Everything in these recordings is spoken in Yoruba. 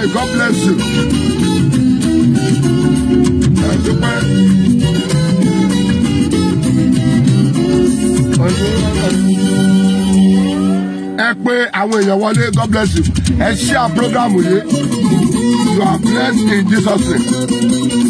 Amen. God bless you. Àdúpẹ́. Ẹ pé àwọn èèyàn wọlé. God bless you. Ẹ ṣí à program yìí. You are blessed in Jesus' name.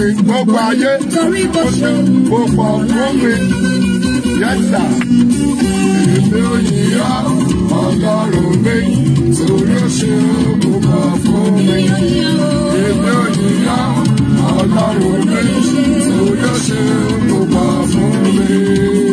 mi gbogbo ayé ó ṣe gbogbo fún mi yẹ́sà èmi ò yíyá ọlọ́run mi torí ó ṣe gbogbo fún mi èmi ò yíyá ọlọ́run mi torí ó ṣe gbogbo fún mi.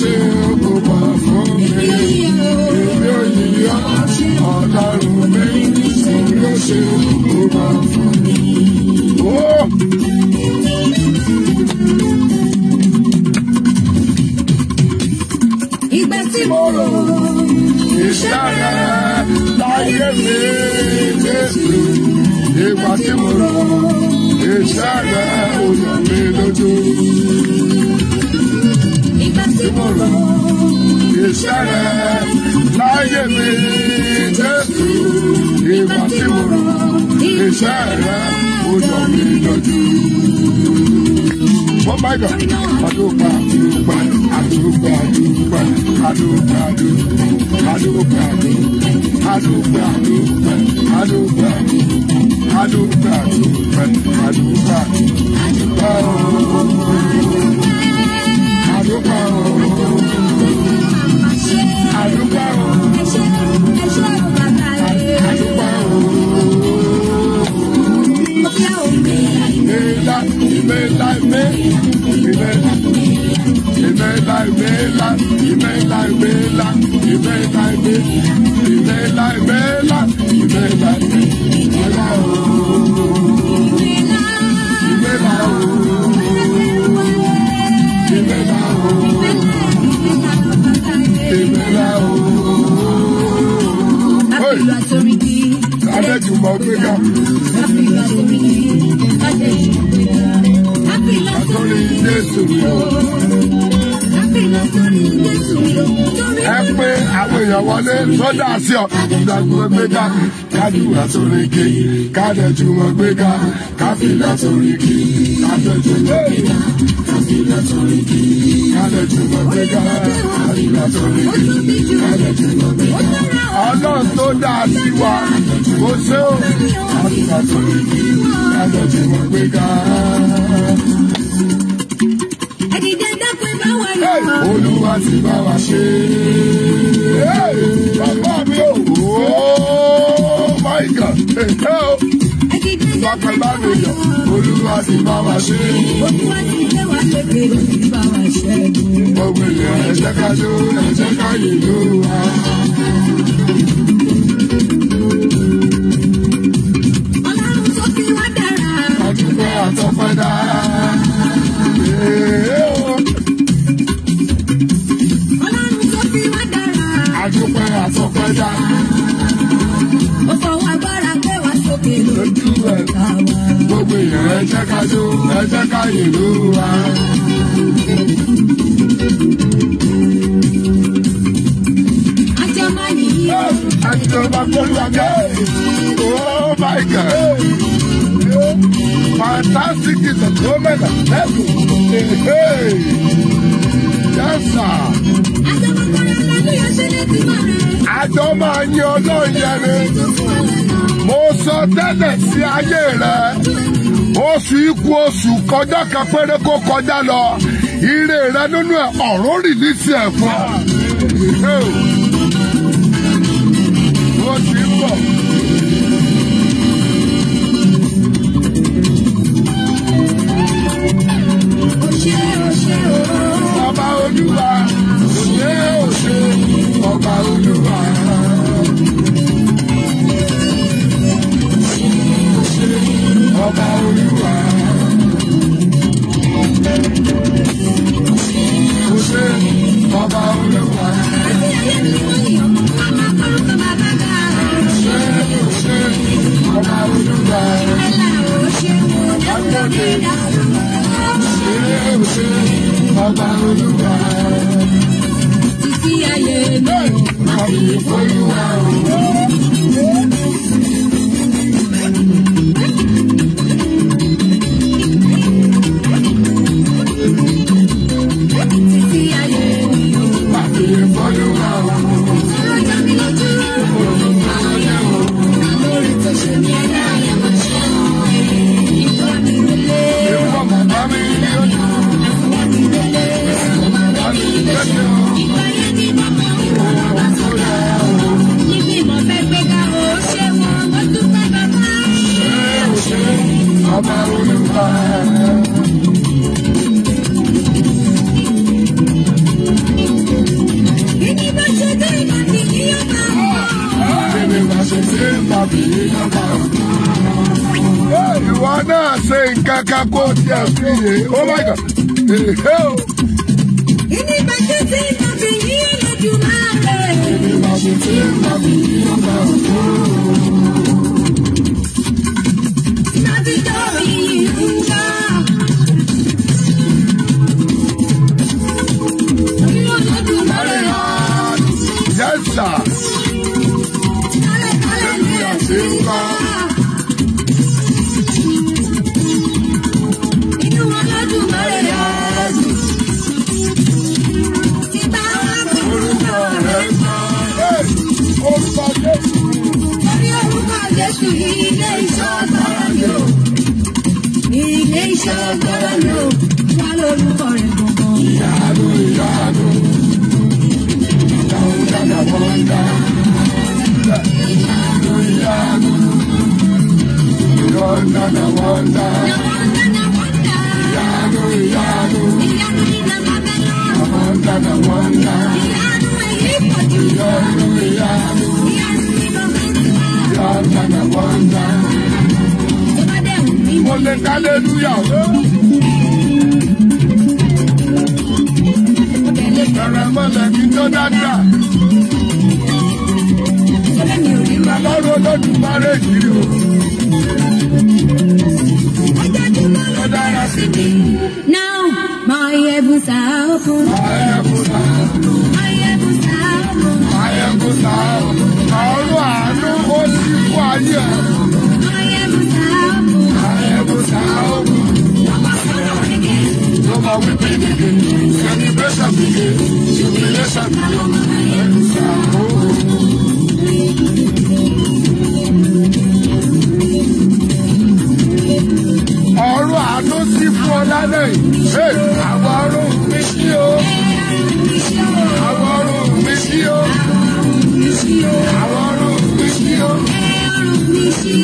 ṣe kò bá fún mi. Èmi ò yíyá ọ̀daràn mi, èmi ò ṣe kò bá fún mi. Ìgbà tí mo rò iṣẹ́ rẹ̀ láyé mi Jésù. Ìgbà tí mo rò iṣẹ́ rẹ̀ ò yọ mi lójú. rẹ̀ láyé mi Jésù ìgbà tí mo rò iṣẹ́ rẹ̀ ó jọ mi lójú. Oh my God, àdúgbà àdúgbà àdúgbà àdúgbà àdúgbà àdúgbà àdúgbà àdúgbà àdúgbà àdúgbà àdúgbà àdúgbà àdúgbà àdúgbà àdúgbò àdúgbò ìmẹ́lá ìmẹ́lá ìmẹ́ ìmẹ́lá ìmẹ́lá ìmẹ́lá ìmẹ́lá ìmẹ́lá ìmẹ́lá ìmẹ́lá ìmẹ́lá ìmẹ́lá ìmẹ́lá ìmẹ́lá ìmẹ́lá. Happy àsoríkì. happy. gbéga. Happy ìlú àsoríkì. Happy gbéga. Happy ìlú àsoríkì. Jésù Happy o. Happy ìlú àsoríkì. Jésù Happy o. happy. pé àwọn èèyàn wọlé sọ́dà sí ọ. Ìdàgbọ́ gbéga. Kádùúrà sóríkì. Kádẹ́jùmọ̀ gbéga. Káfílà sóríkì. Kádẹ́jùmọ̀ gbéga. Káfílà sóríkì. Kádẹ́jùmọ̀ gbéga. Káfílà sóríkì. Kádẹ́jùmọ̀ gbéga. ṣe o. àtìgbà tó yí kí lájọ tí mo gbé ga. ẹ̀dìdẹ́ dákun bá wà lọ́wọ́. olúwa ti bá wa ṣe. bàbá mi ò wò ó my God ti bá wa ṣe. olúwa ti gbé wa lékè jó ẹ̀jẹ̀ ká yè ló wá. your father. Ọlọ́run tó fi wá dára. Àdúpẹ́ àtọ́pẹ́dá. Ó fọwọ́ agbára gbé wá sókè lójú ẹ̀ka wa. Gbogbo èèyàn ẹ jẹ́ ká jó, ẹ jẹ́ ká yèlú wa. Ajọ́ máa yìí. Ẹni tó bá kó lọ gẹ́, oh my God. Fantastic is a woman of level. Hey, yes, sir. Àjọ máa ń yan ọlọ́run yẹn ni. Mo sọ tẹ́lẹ̀ sí ayé rẹ̀. Oṣù ikú oṣù kọjá kan péré kó kọjá lọ. Ire rẹ nínú ẹ̀ ọ̀run rìlísì ẹ̀ fún ọ. ọba olúwa òye òṣè ọba olúwa. Ọba olúwa. Òṣè ọba olúwa. Òṣè òṣè ọba olúwa. Ọba olúwa. Òṣè òṣè ọba olúwa. títí ayé mi má fi folúwa òun. and hallelujah. Ẹ̀rẹ̀mọ̀lẹ̀ kí tó dáadáa. Ìrànlọ́rọ̀ Olódùmarè yìí o. Ó dára sí mi. Now my heavens are open. My heavens are open. My heavens are open. My heavens are open. Ọ̀rọ̀ àánú ó sì ogun. No more weeping again. Celebration begin. Jubilation begin. Ẹ̀ka ogun. Ọ̀rọ̀ àánú sí fún ọlá náà. Àwọn ọ̀rọ̀ mi sí o. Àwọn ọ̀rọ̀ mi sí o. Àwọn ọ̀rọ̀ mi sí o.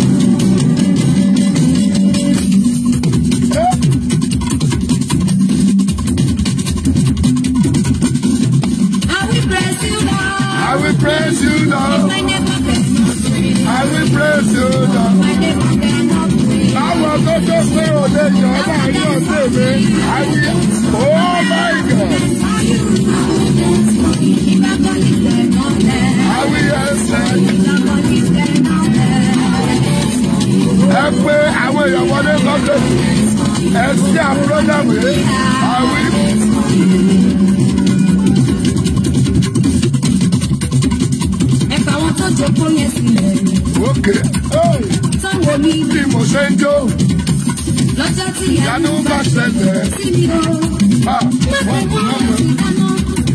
àrùn lọ́jà wèrè àwí. ẹ̀fà wọn tó jókòó yẹn sílẹ̀. òkè ó bí mo ṣe ń jó. lọ́jọ́ tí ìyanu bá ṣẹlẹ̀. wọ́n kún lọ́mọ.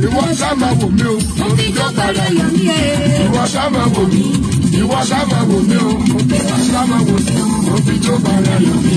ìwọ sábà wò mí o. mo fi jó padà yọ mí ẹ̀. ìwọ sábà wò mí ìwọ sábà wò mí o. mo fi jó padà yọ mí o. mo fi jó padà yọ mí.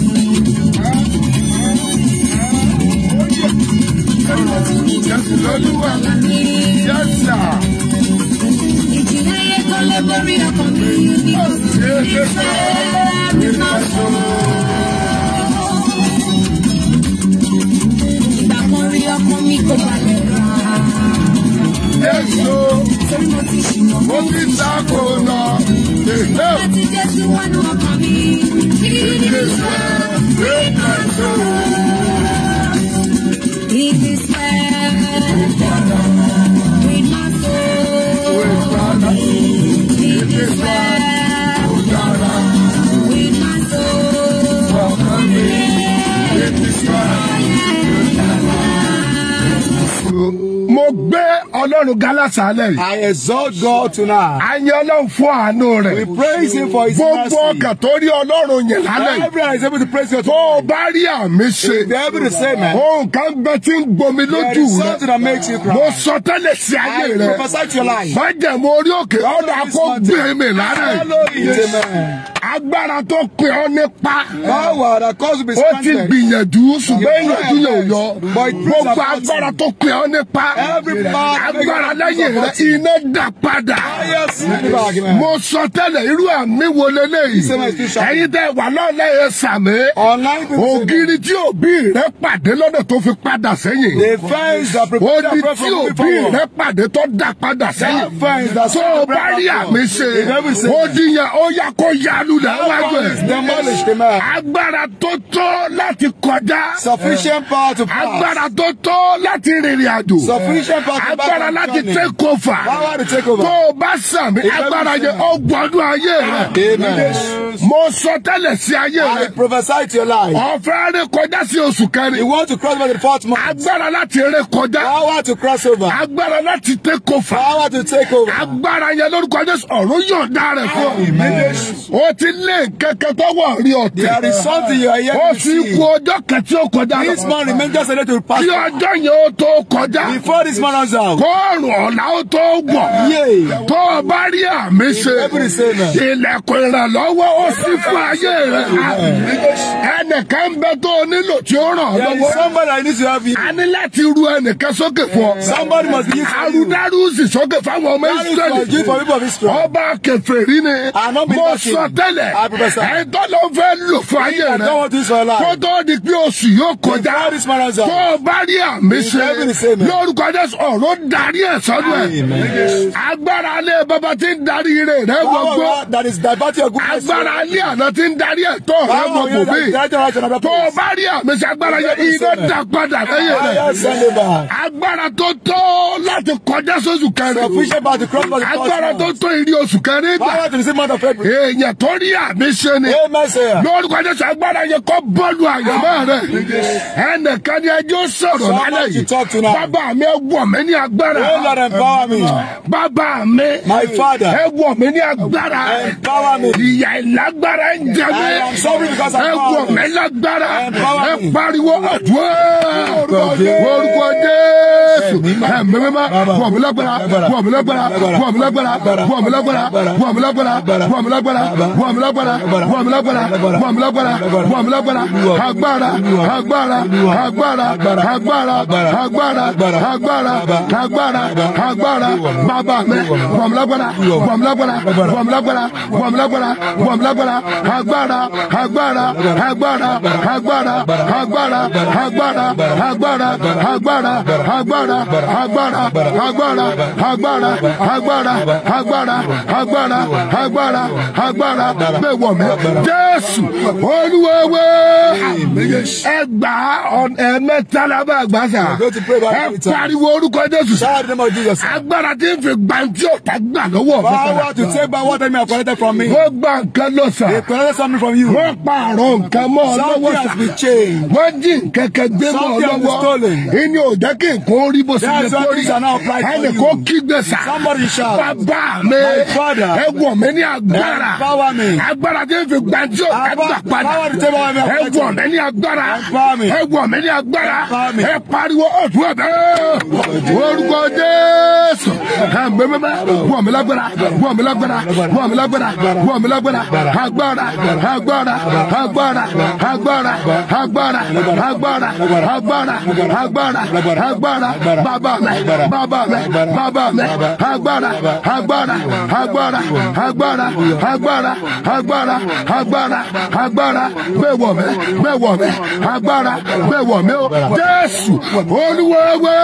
Jésù lolúwa mi. Yẹ́sà. Ìjìnlẹ̀ ayé tó lé borí ọkàn mi. Ìfẹ́ mi máa sọ. Ìgbà kan rí ọkàn mi kò balẹ̀ rà. Yẹ́sù. Sọ́ni mo ti ṣìnà. Mo ti tako lọ. Láti Jésù wọnú ọkàn mi. Ìdílé sọ. Ìgbà kan rí ọkàn mi. is With my soul. Walk me. Ọlọ́run ga lásàálẹ̀ yìí. I exalt God tonight. A yin Ọlọ́run fún àánú rẹ̀. We praise him for his mercy. Gbogbo ọkàn tó rí Ọlọ́run yìn lálẹ́ yìí. Everyone is able to praise God. Tó o bá rí àmì ṣe. If they able to man. Ohun kan gbẹ tí ń gbomi lójú rẹ̀. There is something that makes you cry. Mo sọ tẹ́lẹ̀ sí ayé rẹ̀. I prophesy to your life. Má jẹ̀ mo orí òkè ọ̀dọ̀ àkó gbé mi lálẹ́ yìí. Agbára tó pe ọ nípa. Báwo àdá cause be stranded. Ó ti gbìyànjú ṣùgbọ́n ìyànjú yóò yọ. Gbogbo agbára tó pe ọ agbára lẹ́yìn rẹ iná dà padà. mo sọ tẹ́lẹ̀ irú àmì wo leléyìí ẹ̀yin tẹ́ wà lọ́lẹ́ ẹ sàmì ògiri tí òbí rẹ pàdé lọ́dọ̀ tó fi padà sẹ́yìn odi tí òbí rẹ pàdé tó dà padà sẹ́yìn tó o bá rí àmì ṣe odi yẹn ó yá kó yalu lẹ́ wájú ẹ̀ agbára tó tó láti kọjá agbára tó tó láti rìnrìn àjò agbára agbára láti take over. Power to take over. Tó o bá sàmì agbára yẹn, ó gbọ́dún ayé rẹ̀. Amen. Mo sọ tẹ́lẹ̀ sí ayé rẹ̀. I prophesy to your life. Ọ̀fẹ́ rẹ̀ kọjá sí oṣù kẹrin. You want to cross over the fourth month. Agbára láti rẹ̀ kọjá. Power to cross over. Agbára láti take over. Power to take over. Agbára yẹn lórúkọ Jésù ọ̀run yọ̀ǹda rẹ̀ fún. Amen. O ti lé kẹ̀kẹ́ tọ́wọ́ rí ọ̀tẹ̀. There is something yet to see. O ti kú ọjọ́ kan tí ó This man remain just a little past. Kí ọjọ́ yẹn ó tó kọjá. Before this man runs out. Kó kóòrùn ọ̀la ó tó gbọ̀ tó o bá rí àmì ṣe ilẹ̀kùn ìrànlọ́wọ́ ó ṣí fún ayé rẹ̀ ẹnìkan ń bẹ tó o nílò tí ó ràn lọ́wọ́ a ní láti ru ẹnìkan sókè fún ọ arúdárú sì sókè fáwọn ọmọ ìsírẹ́lì ọba kèfèrí ni mo sọ tẹ́lẹ̀ ẹ̀ńtọ́ ló fẹ́ lò fún ayé rẹ̀ kó tó di pé oṣù yóò kọjá tó o bá rí àmì ṣe lórúkọ Jésù ọ̀rọ̀ dà darí ẹ̀ sọ́dọ̀ ẹ̀ agbára alẹ́ bàbá tí ń darí rẹ̀ rẹ̀ gbogbo agbára alẹ́ àná tí ń darí ẹ̀ tọ́ rẹ̀ gbogbo bí tó o bá rí àmì agbára yẹn iná dà padà lẹ́yìn rẹ̀ agbára tó tó láti kọjá sóṣù kẹrin agbára tó tó ìrí oṣù kẹrin gbà èèyàn tó rí àmì ṣe ni lórúkọ jésù agbára yẹn kọ́ bọ́ọ̀lù àyàmọ́ rẹ̀ ẹnìkan ni ẹjọ́ sọ̀rọ̀ lálẹ́ yìí bàbá mi ẹ wọ̀ mí ní agbára agbára. Don't let empower me. Bàbá mi. My father. Ẹ wọ̀ ní agbára. Empower me. Ìyà ìlágbára ń jẹ mí. I am sorry because I am power. Ẹ wọ̀ lágbára. Empower me. Ẹ pariwo àdúrà. Orúkọ Jésù. Ẹ̀mí mímá. Wọ̀ mí lágbára. Wọ̀ mí lágbára. Wọ̀ mí lágbára. Wọ̀ mí lágbára. Wọ̀ mí lágbára. Wọ̀ mí lágbára. Wọ̀ mí lágbára. Wọ̀ mí lágbára. Wọ̀ mí lágbára. Wọ̀ mí lágbára. Agbára. Agbára. Agbára. Agbára. Agbára. Agbára. Agbára agbára agbára bàbá mi wọ̀m lágbára wọ̀m lágbára wọ̀m lágbára wọ̀m lágbára wọ̀m lágbára agbára agbára agbára agbára agbára agbára agbára agbára agbára agbára agbára agbára agbára agbára agbára agbára agbára bẹ́ẹ̀ wọ̀ mí Jésù olúwewe ẹgbàá ẹ̀mẹ́ta lábàgbàsà ẹ pariwo orúkọ Jésù Shout the name of Jesus. Agbára tí ń fi gbàǹtí ọ̀tá gbà lọ́wọ́ mi. Power to take back what enemy have collected from me. Wọ́n gba nǹkan lọ sà. They collected something from you. Wọ́n pààrọ̀ nǹkan mọ́ ọ lọ́wọ́ sà. Something has been changed. Wọ́n jí nǹkan kan gbé mọ́ ọ lọ́wọ́. Something has been stolen. Ìní ò jẹ́ kí nǹkan rí bó ṣe lè kórì. Ẹnì kò kígbe sà. Somebody shout. Bàbá mi. father. Ẹ wọ̀ mí ní agbára. Power me. Agbára tí ń fi gbàǹtí ọ̀tá gbà padà. Power to take back what enemy have collected. Ẹ wọ̀ mí ní agbára. Power me. Ẹ wọ̀ mí ní Power me. pariwo ọ̀tún ọ̀tún lórúkọ jésù àgbẹ̀ bẹ́bẹ́ wọ́n mi lágbára wọ́n mi lágbára wọ́n mi lágbára wọ́n mi lágbára agbára agbára agbára agbára agbára agbára agbára agbára agbára bàbá mi bàbá mi bàbá mi agbára agbára agbára agbára agbára agbára agbára agbára gbẹ̀wọ̀ mi gbẹ̀wọ̀ mi agbára gbẹ̀wọ̀ mi o jésù olúwa wá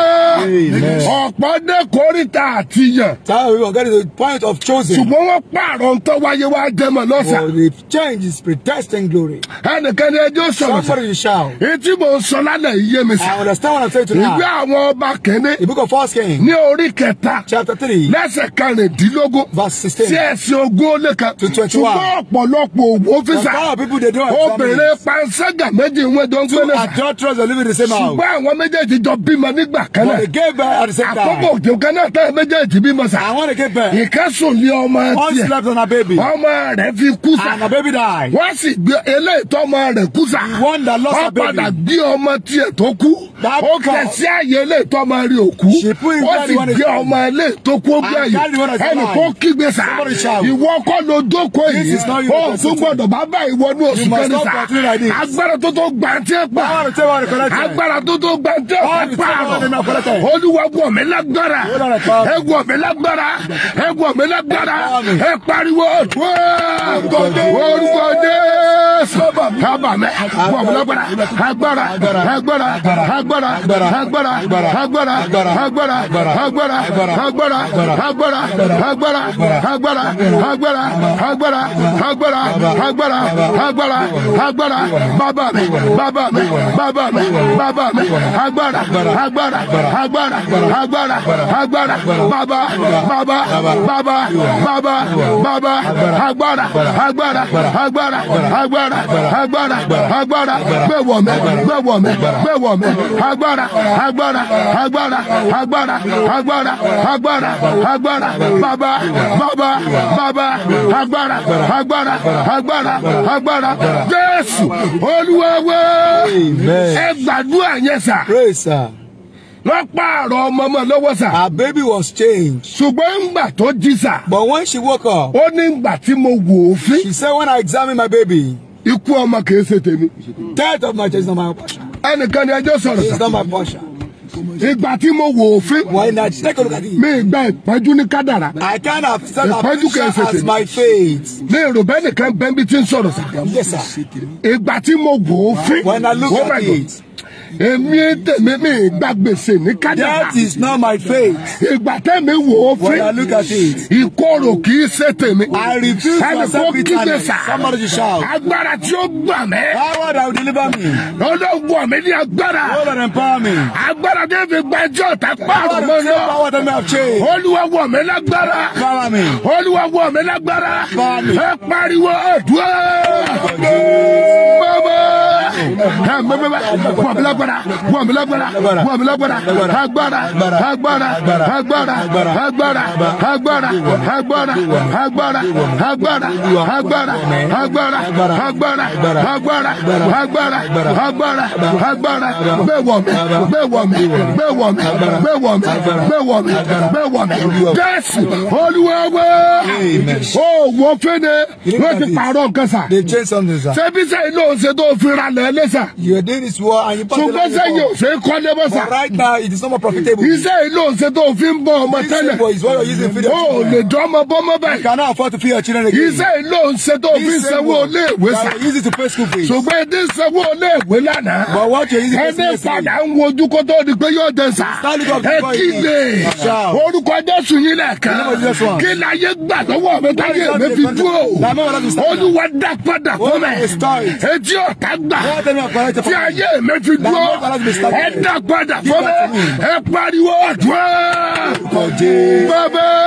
ọ̀pọ̀ dé kórìtà àtìyàn. táwọn ọ̀gá ni the point of choosing. ṣùgbọ́n wọ́n pààrọ̀ ń tọ́ wáyé wá jẹmọ̀ lọ́sà. for the change is pretext and glory. ẹnikẹ́ni ẹjọ́ sọ̀rọ̀ sà. somebody shout. etí mo sọ lálẹ́ iye mi sà. I understand what I'm saying to you now. ìwé àwọn ọba kẹ́ni. the book of first king. ní orí kẹta. chapter three. lẹ́sẹ̀ karìndínlógún. verse sixteen. sí ẹ̀sìn ogún ó kan. to twenty one. ṣùgbọ́n ọ̀pọ̀lọpọ̀ òwò fisa. the power people dey do it. obìnrin panṣágà méjì ń wé àkókò òjò kan náà tẹ́ méjèèjì bímọ sà. I want to get back. ìkẹ́sùn lé ọmọ tiẹ̀. one slept on her baby. ọmọ rẹ̀ fi kú sà. and her baby died. wọ́n sì gbé eléyìí tó ọmọ rẹ̀ kú sà. one that lost her baby. ó padà gbé ọmọ tiẹ̀ tó kú. ó kẹ̀ sí àyè eléyìí tó ọmọ rẹ̀ ò kú. she put in that one. ó sì gbé ọmọ eléyìí tó kú ó gbé àyè. ẹnì kó kígbe sà. ìwọ kọ́ ló jókòó yìí. ó tún gbọ́dọ̀ bàbá ìwọ ní oṣù kẹrin sà. agbára mi lágbára ẹ wọ̀ mi lágbára ẹ wọ̀ mi lágbára ẹ pariwo tó orúkọ Jésù kábàámẹ̀ wọ̀ mi lágbára agbára agbára agbára agbára agbára agbára agbára agbára agbára agbára agbára agbára agbára agbára agbára agbára agbára bàbá mi bàbá mi bàbá mi bàbá mi agbára agbára agbára agbára agbára agbára bàbá bàbá bàbá bàbá bàbá agbára agbára agbára agbára agbára agbára gbẹ̀wọ̀ mẹ́ gbẹ̀wọ̀ mẹ́ gbẹ̀wọ̀ mẹ́ agbára agbára agbára agbára agbára agbára agbára bàbá bàbá bàbá agbára agbára agbára agbára Jésù Olúwa wa ẹ gbàdúrà yẹn sà wọ́n pààrọ̀ ọmọ ọmọ lọ́wọ́ sà. her baby was changed. ṣùgbọ́n ngbà tó jí sà. but when she woke up. ó ní ngbà tí mo wò ó fín. she said when I examine my baby. ikú ọmọ kìí ṣe tèmi. death of my child is not my portion. ẹnìkan ni ẹjọ́ sọ̀rọ̀ sà. it is not my portion ìgbà tí mo wò ó fín. wọ́n iná take a look at it. mi gba ìpẹ́jú ní kádàrá. I kind of that. up picture as my fate. ní ìròbẹ́ nìkan bẹ́ńbí tí ń sọ̀rọ̀ sà. yes sir. ìgbà tí mo wò fín. when I look oh that is not my faith. when I look at it. ìkorò kì í ṣe I refuse to accept it and somebody shout. agbára power that will deliver me. ológun mi ní agbára. power that empower me. agbára will fi gba ẹjọ́ ta pààrọ̀ mọ́ lọ. power that may have changed. olúwa wọ̀ mí lágbára. power me. olúwa wọ̀ mí lágbára. power me. ẹ pariwo ọ̀dùn. bàbá bàbá lágbára wọ̀ mí lágbára wọ̀ mí lágbára agbára agbára agbára agbára agbára agbára agbára agbára agbára agbára agbára agbára agbára agbára agbára bẹ́ẹ̀ wọ̀ mí bẹ́ẹ̀ wọ̀ mí bẹ́ẹ̀ wọ̀ mí bẹ́ẹ̀ wọ̀ mí bẹ́ẹ̀ wọ̀ mí bẹ́ẹ̀ wọ̀ mí jésù olúwawo ó wọ kéde ló ti pààrọ̀ nǹkan sà ṣé bí sẹ́yìn ló ń ṣe tó fi ra lẹ́lẹ́sà. you are doing this war and you pass ìgbésẹ̀ yìí ò ṣe é kọ́lé bọ́ sà. right now it is not more profitable. iṣẹ́ yìí ló ń ṣe tó fi ń bọ́ ọmọ tẹ́lẹ̀. this is what you are using for your children. o lè dán ọmọ bọ́mọ báyìí. you cannot afford to feed your children again. iṣẹ́ yìí ló ń ṣe tó fi ń sanwó ilé ìwé sà. you are using to pay school fees. ṣùgbọ́n ẹni sanwó ilé ìwé lánàá. but what you are to pay school fees. ẹni padà ń wojú kó tó di pé yóò dé sà. ẹ kí lè orúkọ Jésù yín lẹ́ẹ̀kan kí láyé gbà lọ́wọ́ mi táyé mi fi dúró olúwa dá padà fún mi etí ọ̀tá gbà tí ayé mi pariwo ẹ dá padà fún mi ẹ pariwo àdúrà bàbá.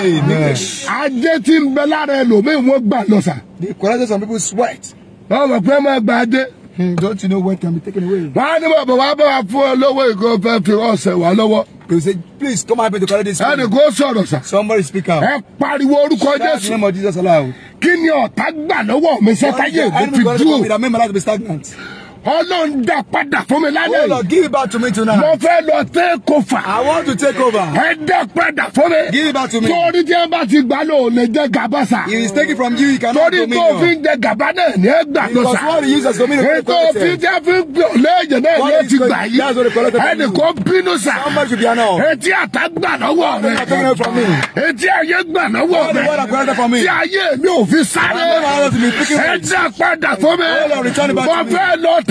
ajé tí ń bẹ lára ẹlòmíì wọ́n gbà lọ sà. The collected some people sweat. wọ́n mọ̀ pé máa gba ajé. Hmm, don't you know what can be taken away. wọ́n á ní bàbá wa bá wa fún ọ lọ́wọ́ ìgò fẹ́ fi ọ̀sẹ̀ wá lọ́wọ́. they say please come help me to collect this money. ẹnì kò sọ̀rọ̀ sà. somebody speak out. ẹ pariwo orúkọ Jésù. shout the name of Jesus aloud. kí ni ọ̀tá gbà lọ́wọ́ mi sẹ́tayé mi fi dúró. Ọlọ́run dá padà fún mi lálẹ́ oh, yìí. Olọ give it back to me tonight. Mo fẹ́ lọ take over. I want to take over. Ẹ dá padà fún mi. Give it back to me. Torí tí ẹ bá ti gbà lò lè jẹ gàba sa. If it's taken from you, he cannot dominion. Torí tó fi ń jẹ gàba náà ní ẹ gbà lọ sa. Because what he uses dominion for quality. Ètò fi jẹ́ fi ń gbé olóòjè náà ní ti gbà yìí. Ẹnì kan bínú sa. Somebody should be an all. Etí àtà gbà lọ́wọ́ rẹ̀. Etí ayé gbà lọ́wọ́ rẹ̀. Tí ayé mi ò fi sáré. Ẹ dá padà fún mi. Oh, Mo fẹ́ lọ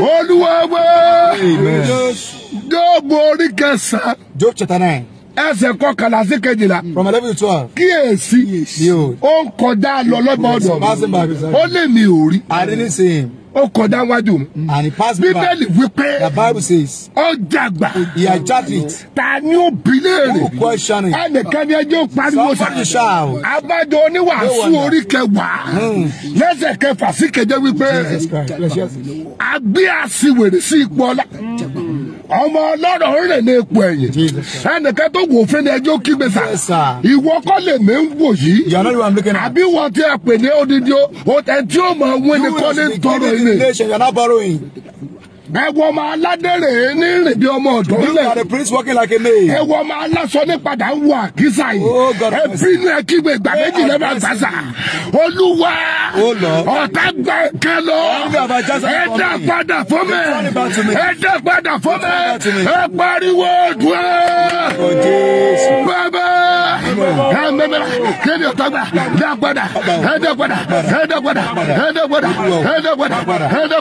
olúwa wá. Jóòbù orí kẹsàn-án. Job chapter nine ẹsẹ̀ kọkànlá sí kejìlá. from eleven to twelve. kíyèsí ó ń kọjá lọ lọ́gbọ̀dọ̀ ó lè mi ò rí. I didn't see him ó kọjá wájú mi. and he passed by bíbélì wípé the bible says. ó jàgbà. he had judged it. ta ni ó bilé rè. who question him. ẹnìkan ni ẹjọ́ pariwo sá. abájọ oníwàásù orí kẹwàá. Hmm. lẹ́sẹ̀ kẹfà sí keje wípé. a gbé àsìwèrè sí ipò ọlá. Hmm ọmọ ọlọ́rọ̀ rìn ní ipò ẹ̀yìn ẹnìkan tó wò fún ẹjọ́ kígbe sà ìwọ kọ́ lè mí ń wò yìí àbí wọ́n ti ẹ̀ pè ní odidi ẹ̀ tí ó mọ̀ wí ni kọ́ ní tọrọ ilé ẹ ọmọ aládèrè ní rìn bí ọmọ ọ̀dọ́ ńlẹ̀. you are the prince working like a maid. ẹ wọ ọmọ aláṣọ ní padà ń wọ àkísà yìí. ẹ bínú ẹ kígbe ìgbà méjì lẹ́mọ̀ àgbàsà. olúwa ọ̀tá gbà lọ. ẹ padà fún mi. ẹ padà fún mi. ẹ pariwo dùn. bàbá ẹ ọ̀tá gbà dá padà ẹ padà ẹ padà ẹ padà ẹ padà ẹ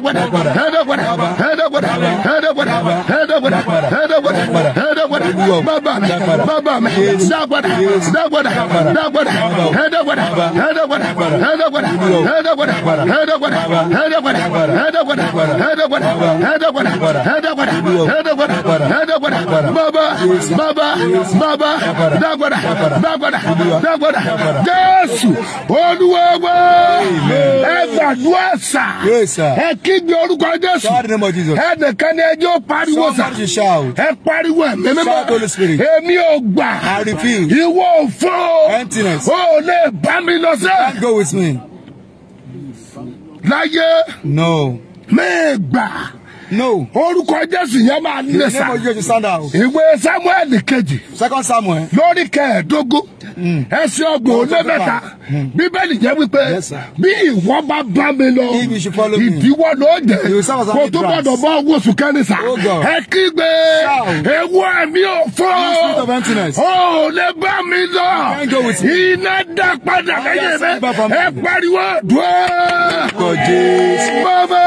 padà ẹ padà ẹ padà ẹ̀ẹ́dẹ́gbẹ̀dẹ́ ẹ̀ẹ́dẹ́gbẹ̀dẹ́ ẹ̀ẹ́dẹ́gbẹ̀dẹ́ ẹ̀ẹ́dẹ́gbẹ̀dẹ́ ẹ̀ẹ́dẹ́gbẹ̀dẹ́ bàbá mi bàbá mi dàgbẹ̀dẹ́ dàgbẹ̀dẹ́ dàgbẹ̀dẹ́ ẹ̀ẹ́dẹ́gbẹ̀dẹ́ ẹ̀ẹ́dẹ́gbẹ̀dẹ́ ẹ̀ẹ́dẹ́gbẹ̀dẹ́ ẹ̀ẹ́dẹ́gbẹ̀dẹ́ ẹ̀ẹ́dẹ́gbẹ̀dẹ́ ẹ̀ẹ́dẹ́gbẹ̀dẹ́ ẹ̀ẹ́dẹ́gbẹ̀dẹ́ ẹ̀ẹ́dẹ́gbẹ̀dẹ́ ẹ̀ẹ́dẹ́gbẹ̀dẹ́ ẹ̀ẹ́dẹ́gbẹ̀dẹ́ ẹ̀ẹ́dẹ́gbẹ̀dẹ́ bàbá bàbá bàbá dàgbẹ̀dẹ́ dàgbẹ̀dẹ́ dàgbẹ̀dẹ́ Jésù Olúwa wa ẹ gbàdúrà sà ẹ kígbe orúkọ Jésù. Jesus. ẹnìkan ni ẹjọ́ pariwo sa ẹ pariwo ẹ mímọ́ èmi ò gbà ìwọ òfò ò lè bá mi lọ sẹ́. láyé mi gbà. No. Orúkọ Jésù yẹn máa ní sá. Ní ìwé Sanda o. Ìwé Samuel kejì. Second Samuel. Lórí kẹẹ̀ẹ́dógún. Hmm. Ẹsẹ̀ ọgbọ̀n ó lé mẹ́ta. Hmm. Bíbélì jẹ́ wípé bí ìwọ bá bá mi lọ, ìdíwọ́ ló jẹ́. Kò tó gbọ́dọ̀ bọ́ owó oṣù kẹ́rin sá. Oh, Ẹ kígbe ewu ẹ̀mí òfò. O ò lè bá mi lọ. Iná dá padà lẹ́yìn mi. Ẹ pariwo dùn. Bàbá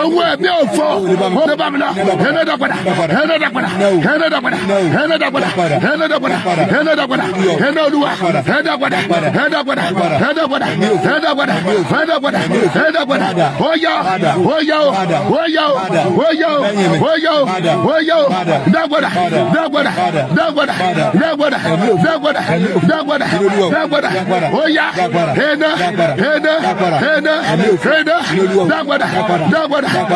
ẹ̀wọ̀ ẹ̀mí òfò ó bá mi lọ ẹni dà padà ẹni dà padà ẹni dà padà ẹni dà padà ẹni dà padà ẹni dà padà ẹni olúwa ẹni dà padà ẹni dà padà ẹni dà padà ẹni dà padà ẹni dà padà ẹni dà padà ó yá ó yá ó yá ó yá ó yá ó yá ó dà padà dà padà dà padà dà padà dà padà dà padà dà padà ó yá ẹni ẹni ẹni ẹni dà padà dà padà dà padà.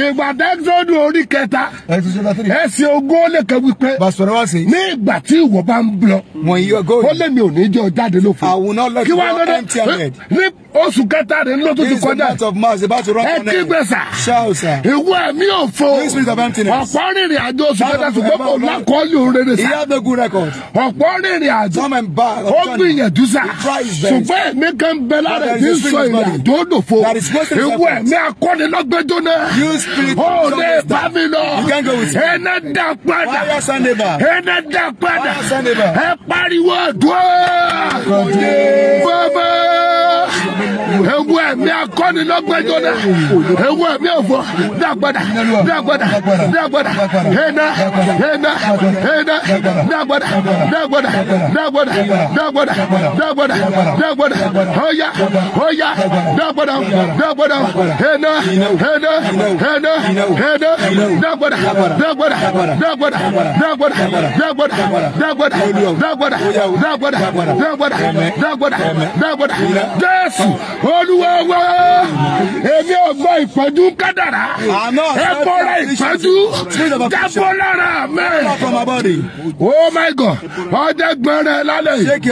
ìgbà dẹ́gbẹ́sọ́dún orí kẹta ẹsẹ̀ ogún ó lè kẹ́ wípé ní ìgbà tí ìwọ bá ń blọ ó lè mi ò ní jẹ́ ọ lófo kí wàá lọ́dọ̀ ní oṣù kẹtàdínlógún ti kọjá ẹ kígbẹ́sà ìwọ ẹ̀mí òfo ọ̀pọ̀ rìnrìn àjò oṣù kẹta ṣùgbọ́n kò lákọ́ọ́lù rere sá ọ̀pọ̀ rìnrìn àjò ó gbìyànjú sá ṣùgbọ́n ẹ̀mí kan bẹ lára ẹ̀ sọ ìrìn àjò òdòfo ìwọ ẹ̀mí akọ́nilọ́gbẹ́jọ́ náà spirit. Oh, they Babylon. You can't go with him. Ẹnẹ dá padà. Ẹnẹ dá padà. Ẹ pariwo àdúrà. Bàbá ewu ẹ̀mí akọni lọ́gbẹ́jọ́ náà ewu ẹ̀mí ọ̀fọ̀ dàgbàdà dàgbàdà dàgbàdà hena hena hena dàgbàdà dàgbàdà dàgbàdà dàgbàdà dàgbàdà dàgbàdà ọ̀yà ọ̀yà dàgbàdà dàgbàdà hena hena hena hena dàgbàdà dàgbàdà dàgbàdà dàgbàdà dàgbàdà dàgbàdà dàgbàdà dàgbàdà dàgbàdà dàgbàdà dàgbàdà dàgbàdà. Jésù Olúwa èmi ò gbọ́ ìpọ́njú kádàrá ẹ bọ́ra ìpọ́njú jábọ́ lára mi. Oh my God ọjọ́ gbọ́n lálẹ́ yìí tí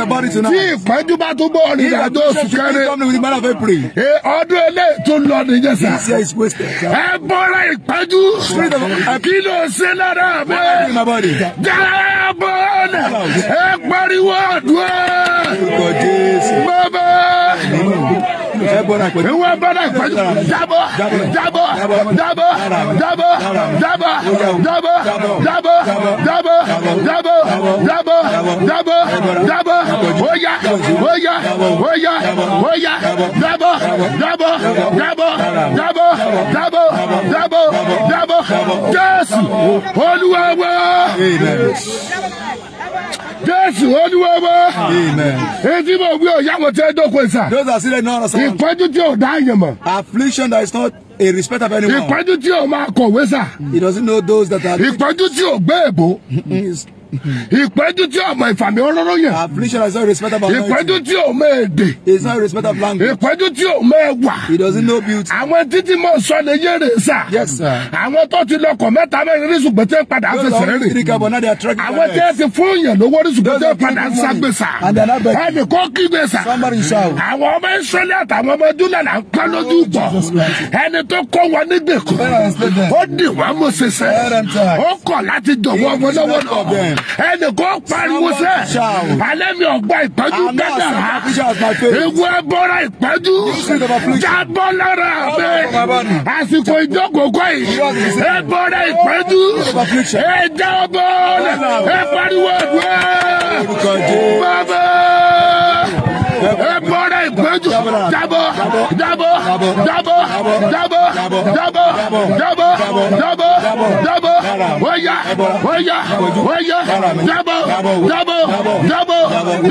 ìpọ́njú bá tún bọ̀ ní ìdájọ́ oṣù kẹrin ọdún eléyìí tó lọ nìyẹn sá ẹ bọ́ra ìpọ́njú kí ló ṣe lára mi jábọ́ ẹ pariwo àdúrà bàbá ìwọ bọ́dà ìpẹ́jù jábọ́ jábọ́ jábọ́ jábọ́ jábọ́ jábọ́ jábọ́ jábọ́ jábọ́ jábọ́ jábọ́ jábọ́ oya oya oya oya jábọ́ jábọ́ jábọ́ jábọ́ jábọ́ jábọ́ jábọ́ Jésù Olúwa wa. Jésù Olúwa wa. Etí mo gbé ọ̀yáwó tẹ́ dókòó sà. Those are still not sound. Ìpẹ́jú tí ò dá yẹn mọ̀. Affliction that is not a respect of anyone. Ìpẹ́jú tí ò máa kọ̀wé sà. He doesn't know those that are. Ìpẹ́jú tí ò gbé èbó. ìpẹ́jù tí ọmọ ìfàmì ọlọ́rọ̀ yẹn. affliction is not respect of anointing. ìpẹ́jù tí ò mọ èdè. is not respect of language. ìpẹ́jù tí ò mọ ẹwà. he doesn't know beauty. àwọn títí mọ sọ lè yére sà. yes sir. àwọn tó ti lọkọ̀ mẹ́ta mẹ́rin ní ṣùgbọ́n tí ń padà fẹsẹ̀ rẹ̀ rè. àwọn tí ń ti fún yẹn lówó ní ṣùgbọ́n tí ń padà ságbé sà. ẹnì kan kígbe sà. àwọn ọmọ ìṣẹ́lẹ̀ àtàwọn ọmọ dúlẹ̀ là ń pẹ́ lójú oh, bọ̀. ẹni tó kọ́ wọn nígbèkùn. ó dì wọ́n mú ṣiṣẹ́. ó kọ̀ láti dọ̀wọ́ wọn lọ́wọ́ ẹnìkan pariwo sẹ́ alẹ́ mi ọgbà ìpẹ́jù kẹta ha ewu ẹbọra ìpẹ́jù jábọ́ lára mi àsìkò ìjókòó yìí ẹbọra ìpẹ́jù ẹja ọbọ ẹ pariwo ẹgbẹ́ bàbá ẹgbọrọ ìgbẹjù jábọ́ jábọ́ jábọ́ jábọ́ jábọ́ jábọ́ jábọ́ jábọ́ oya oya oya jábọ́ jábọ́ jábọ́ jábọ́ jábọ́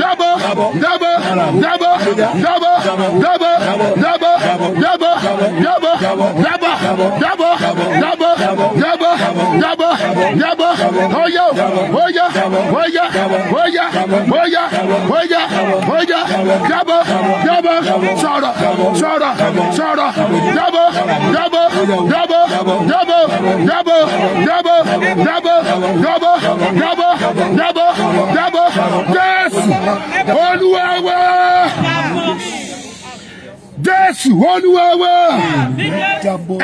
jábọ́ jábọ́ jábọ́ jábọ́ jábọ́ jábọ́ jábọ́ jábọ́ jábọ́ jábọ́ jábọ́ jábọ́ oya oya oya oya oya oya oya oya jábọ́ jábọ́ sọ̀rọ̀ sọ̀rọ̀ sọ̀rọ̀ jábọ́ jábọ́ jábọ́ jábọ́ jábọ́ jábọ́ jábọ́ jábọ́ jábọ́ jábọ́ jábọ́ jésù olúwa wa jésù olúwawa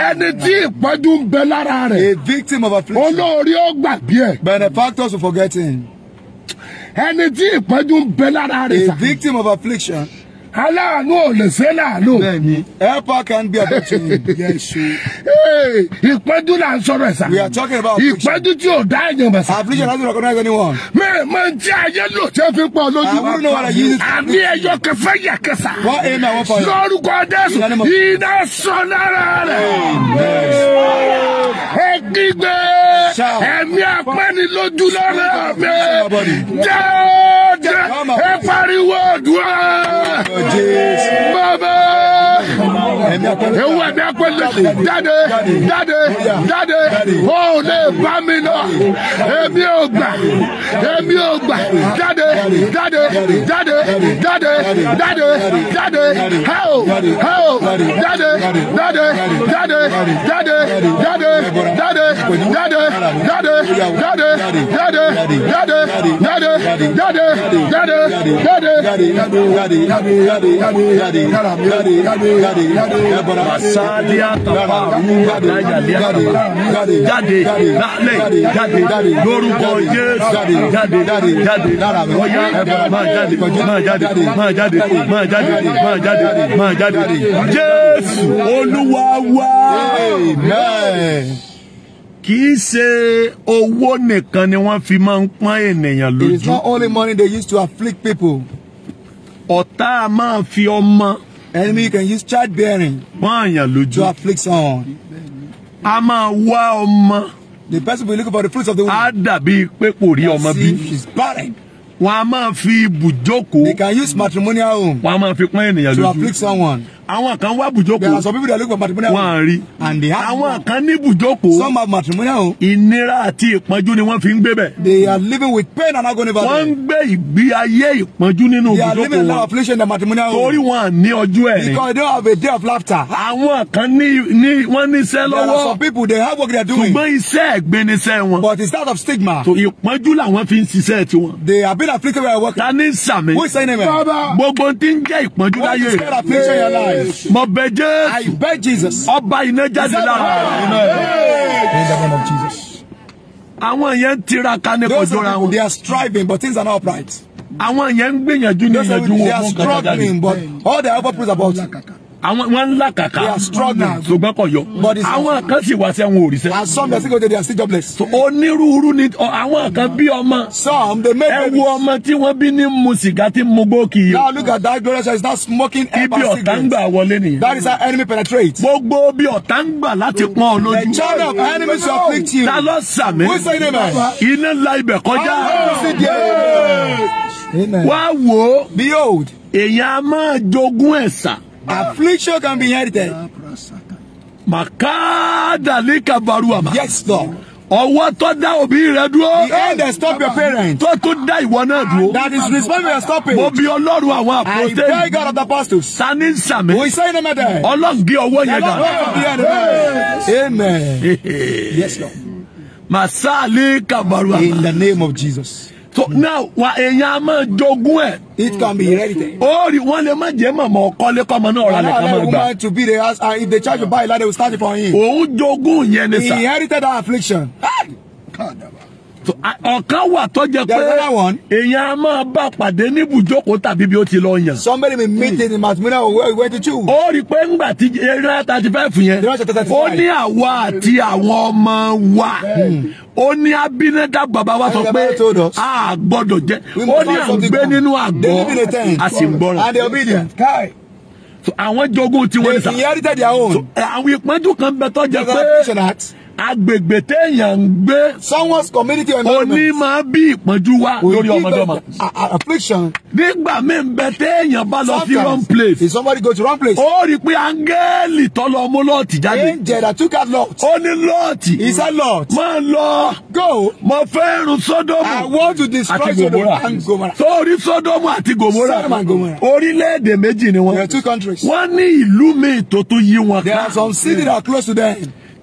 ẹni tí ìpọ́njú ń bẹ lára rẹ̀ olórí ó gbàgbé ẹ̀. benefactors will forget ẹni tí ìpẹ́jù ń bẹ lára rẹ̀ sá. a victim of affliction aláàánú ò lè fẹ́ láàánú. bẹ́ẹ̀ni helper can be about you. ìpẹ́jú là ń sọ̀rọ̀ ẹ̀ we are talking about affliction. ìpẹ́jú tí ò dá èèyàn bẹ̀ sá. affliction doesn't recognize anyone. mẹ́ẹ̀ mọ tí ayé lò tẹ́ fi pọ̀ lójú. àwọn ọmọ náà yìí. àmì ẹ̀yọ kẹfẹ́ yà kẹsà. wọ́n èèmì àwọn fọyín. lórúkọ Jésù iná sọ rẹ̀. ẹ kígbe ẹ̀mí apẹ́nilójú lọ́rọ̀ mi. jẹ́ ẹ pariwo dùn. Jésù. Bàbá ewu ẹ̀mí akpẹ́lẹ́sì jáde jáde jáde ó lè bá mi lọ èmi ò gbà èmi ò gbà jáde jáde jáde jáde jáde jáde hẹ́ò hẹ́ò jáde jáde jáde jáde jáde jáde jáde jáde jáde jáde jáde jáde jáde jáde jáde jáde lálẹ́ jáde lórúkọ Jésù jáde jáde ọ̀yá máa jáde máa jáde máa jáde máa jáde máa jáde máa jáde Jésù Olúwa wa. Amen kì ṣe owó nìkan ni wọ́n fi máa ń pọ́n ènìyàn lójú. It is not only money they use to afflict people. ọ̀tá máa fi ọmọ. enemy can use child bearing. pọ́n èèyàn lójú. to afflict someone. a máa wá ọmọ. the person we looking for the fruits of the womb. á dàbí pé kò rí ọmọ bí. she is barren. wọ́n a máa fi ibùjókòó. they can use matrimonial home. wọ́n a máa fi pọ́n ènìyàn lójú. to afflict someone àwọn kan wá bùjókòó. there are some people matrimonial. wọ́n rí. and they have. àwọn kan ní bùjókòó. some have matrimonial. ìnira àti ìpọ́njú ni wọ́n fi ń gbé bẹ̀. they are living with pain and agony. wọ́n ń gbé ìgbé ayé ìpọ́njú nínú bùjókòó wọn. they are living in affliction in their matrimonial home. torí wọn ní ọjọ́ ẹ̀. because they don't have a day of laughter. àwọn kan ní ní wọ́n ní iṣẹ́ lọ́wọ́. there are some people they have work they are doing. ṣùgbọ́n iṣẹ́ ẹ̀gbin ni iṣẹ́ wọn. but it's out of stigma. so ìpọ́njú làwọn fi ń ṣiṣẹ́ tiwọn. they have been afflicted by work. ta ni sàmì. who is saying amen. gbogbo ti ń jẹ́ ìpọ́njú láyé. what Jésù. Mo bẹ Jésù. I beg Jesus. Ọba iná jáde lára. In the name of Jesus. Àwọn yẹn ń tiraka ní kò jọra wọn. They are striving but things are not upright. Àwọn yẹn ń gbìyànjú ní ìyànjú wọn. They are struggling but all their effort is about àwọn wọn ń làkàkà ṣùgbọ́n kò yọ àwọn kan sì wá sẹ́wọ̀n òrìṣẹ́. and some dey still go there they are still jobless. so onírúurú ni àwọn kan bí ọmọ. some dey make babies. ẹ wo ọmọ tí wọ́n bí ní mu sìgá tí mu gbó kì í. now look at that glorious child is not smoking ever cigarette. ibi ọ̀tá ń wọlé nìyẹn. that is how enemy penetrate. gbogbo bí ọ̀tá ń gbà láti pọ́n ọ lójú. the child of enemy shall afflict you. ta ló sàmì. who is say amen. iná la ibẹ̀ kọjá. Ah, wá wò ó. behold. èèyàn a máa jogún ẹ̀sà. Affliction can be inherited. Makadalika Baruama. Yes, Lord. Ọwọ́ tó dá òbí rẹ dúró. The end that stop your parents. Tó tó dá ìwọ náà dúró. That is responsible for stopping. Mo bi Ọlọ́run àwọn apostles. I pray God of the apostles. Ta ni sàmì? Mo sẹ́yìn náà mẹ́tẹ̀. Ọlọ́run gbé ọwọ́ yẹn dà. Amen. Yes, Lord. Masali Kabaruama. In the name of Jesus so hmm. now wa èèyàn a máa jogún it can be inherited. ó hmm. oh, rí wọn lè má jẹ́ mọ̀mọ́ ọ̀kọ́lé kọ́mọ náà ọ̀rọ̀ àlẹ́ká máa gbà. woman to be the house uh, and if they charge you buy like they will start it for him. òun jogún yẹn ni sà. he inherited that affliction. God damn ọ̀kan wà tó jẹ pé èèyàn a máa bá pàdé ní ibùjókòó tàbí bí ó ti lọ yàn. somebody may meet hmm. in matrimonial or where where to choose. ó rí i pé ńgbà tí eré thirty five yẹn ó ní àwa àti àwọn ọmọ wa hmm. ó ní abinada bàbá wa sọ pé a gbọ́dọ̀ jẹ ó ní à ń gbé nínú àgọ́ a sì ń gbọ́ràn àwọn jogún tiwọn ní sá àwọn ìpọ́njú kan bẹ tó jẹ pé agbègbè téèyàn ń gbé. someone's community environment. òní máa bí ìpọ́njú wá lórí ọmọdọ́mọ. affliction. nígbà míì ń bẹ téèyàn bá lọ sí wrong place. if somebody go to wrong place. ó rí i pé áńgẹ́lì tọ́lọ mú lọ́ọ̀tì jáde. angel that took out lot. ó ní lọ́ọ̀tì. he said lot. máa lọ. go. mo fẹ́ run Sódómù. I want to destroy Sódómù and Gomorrah. sórí Sódómù àti Gomorrah. Sodom and Gomorrah. orílẹ̀-èdè méjì ni wọ́n. they are two countries. wọ́n ní ìlú mi tó tún yí wọn ká. there are some cities that are close to them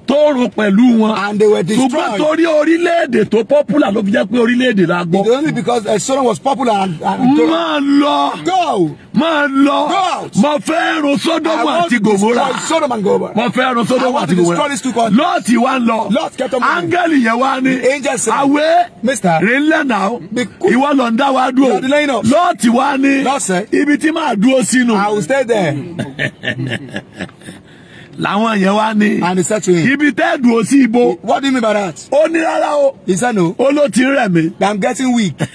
tó pẹ̀lú wọn. and they were destroyed. ṣùgbọ́n torí orílẹ̀-èdè tó popular ló fi jẹ́ pé orílẹ̀-èdè la gbọ́. it's only because a uh, Solomon was popular and. and lọ. go. máa lọ. go out. mo fẹ́ run Sódómù àti Gòmórà. I want to destroy Sodom and Gomorrah. mo fẹ́ run Sódómù àti Gòmórà. I want to destroy these two countries. lọ́ọ̀tì wa ń lọ. lọ́ọ̀tì kẹtọ́ mi. áńgẹ́lì yẹn wá ní. the angel said. àwẹ̀. mr. rìnlẹ̀ náà. ìwọ lọ ń dá wa dúró. you are delaying us. lọ́ọ̀tì wa ní. lọ́ọ̀sẹ̀. ibi tí máa dúró sínú. I will stay there. làwọn yẹn wá ní. and he said to him. ibi tẹ́ dùn ó sí ibo. what do you mean by that. ó ní rárá o. he said no. ó ló ti rẹ̀ mí. i'm getting weak.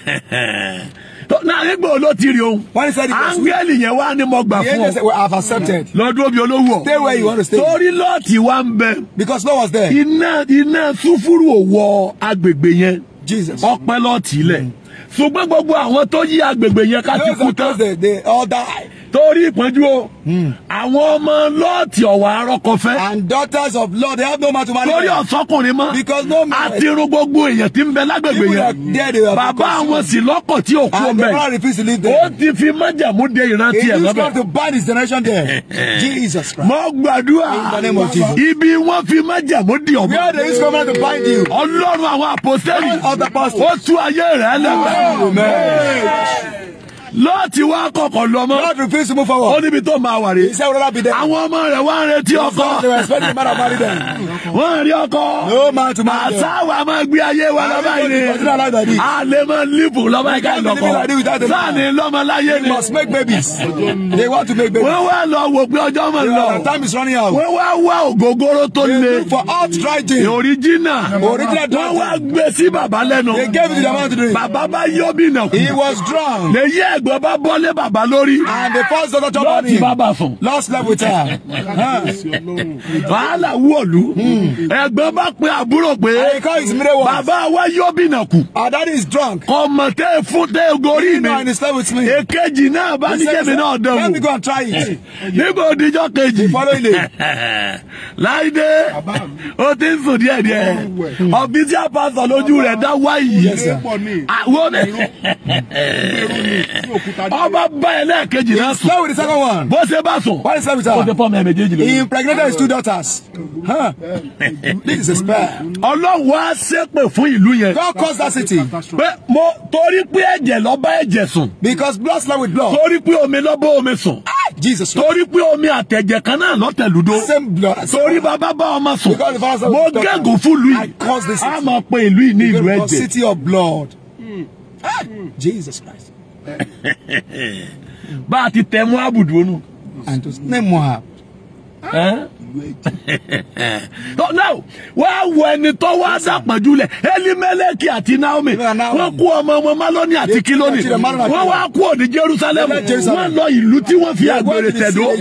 náà nígbà olótìrí ohun. wọ́n ní sẹ́ni bẹ́sùn. áńgẹ́lì yẹn wá ní mo gbà fún ọ. the angel said we have accepted. lọ́dún omi olówó. stay where you want to stay. torí lọ́ọ̀tì wá ń bẹ. because Lot was there. iná iná súfúrú ò wọ agbègbè yẹn. jesus ọpẹ́ lọ́ọ̀tì ilẹ̀. ṣùgbọ́n gbogbo àwọn tó yí agbègbè yẹn ká ti kú tán. those are those they all die torí ìpọ́njú o hmm. àwọn ọmọ lọ́ọ̀tì ọ̀wà arọ́kọfẹ́. and daughters of Lord they have no man to marry. lórí ọ̀sọ́kùnrin mọ́ because no man. àti irun gbogbo èèyàn tí ń bẹ lágbègbè yẹn bàbá àwọn sì lọ́kọ̀ tí ò kú mẹ́. and the man refuse to leave them. ó ti fi májàmú de ìrántí ẹ̀ lọ́bẹ̀. he used God to ban his generation there. Jesus Christ. mo gbàdúrà ibi wọn fi májàmú di ọmọ. where they use government to bind you. ọlọ́run àwọn àpòsẹ́lì ó tú ayé rẹ̀ lẹ́gbẹ̀ẹ́ lọ́ọ̀tì wá kọ̀kọ̀ lọ mọ́. lọ́ọ̀tì fi sinmi fọwọ́. ó níbi tó máa wà rè. iṣẹ́ òrora bi dẹ. àwọn ọmọ rẹ̀ wá ń retí ọkọ. wọ́n rí ọkọ. ló máa tún máa jẹ. àṣà wa máa gbé ayé wa lọ́ba yìí ni. a lè mọ lífù lọ́ba yìí ká lọ́kọ. sáàni lọ́mọ láyé ni. must make babies. they want to make wọ́n wá lọ wò pé ọjọ́ mọ̀ lọ. time is running out. wọ́n wá wá ògógóró tó le. they for hot dry gin. original. original dry gin. wọ́n wá gbé sí bàbá lẹ́nu. they gave it to the man today. bàbá bá yọ bí nàkú. he was drunk. they yẹ ẹgbẹ́ bá bọ́ lé bàbá lórí. and the first doctor tó bá ní. lọ́ọ̀tì bàbá fún. lọ́ọ̀tì lẹ́wọ̀ tẹ̀. wàhálà wọ̀lú. Hmm. ẹgbẹ́ bá pe àbúrò pé. I call his mirror once. bàbá wa yóò bìnà kù. our daddy is drunk. ọmọ tẹ fún tẹ gorí mi. and he slept with me. èkejì náà bá ní kébì náà dán wò. let me go and try it. nígbà òdìjọ́ kejì. the following day. láìdé o ti ń sùn díẹ̀ díẹ̀ hmm. ọbí tí a bá sọ lójú rẹ̀ dá wáyé. yes sir. àwọn ọ̀nà ọba bá ẹ lẹ́ẹ̀kejì náà sùn. he with the second one. bó ṣe bá sùn. why he slept with her. ó ti fọ́ ọmọ ẹ̀ méjèèjì he impregnated his two daughters. Huh? this is a spare. ọlọ́run wá ṣépè fún ìlú yẹn. God caused that city. pé mo torí pé ẹ̀jẹ̀ ló bá ẹ̀jẹ̀ sùn. because blood slept with blood. torí pé omi ló bá omi sùn. Ah, Jesus Christ. torí pé omi àtẹ̀jẹ̀ kan náà ló tẹ̀ lùdó. same blood. torí bàbá bá ọmọ sùn. because the father said. mo gẹ́gùn fún ìlú yìí. I caused this city. a máa pe ìlú yìí ní ìlú ẹ̀jẹ̀. of blood. Hmm. Ah, Jesus Christ bá a ti tẹ Moab dúró nù. ne Moab. now wá wo ẹni tó wá sàpọ̀jù lẹ̀ Elimeleki àti Naomi wọ́n kú ọmọ ọmọ Maloni àti Kiloni wọ́n wá kú òní Jerusalem wọ́n lọ ìlú tí wọ́n fi àgbèrè tẹ̀dó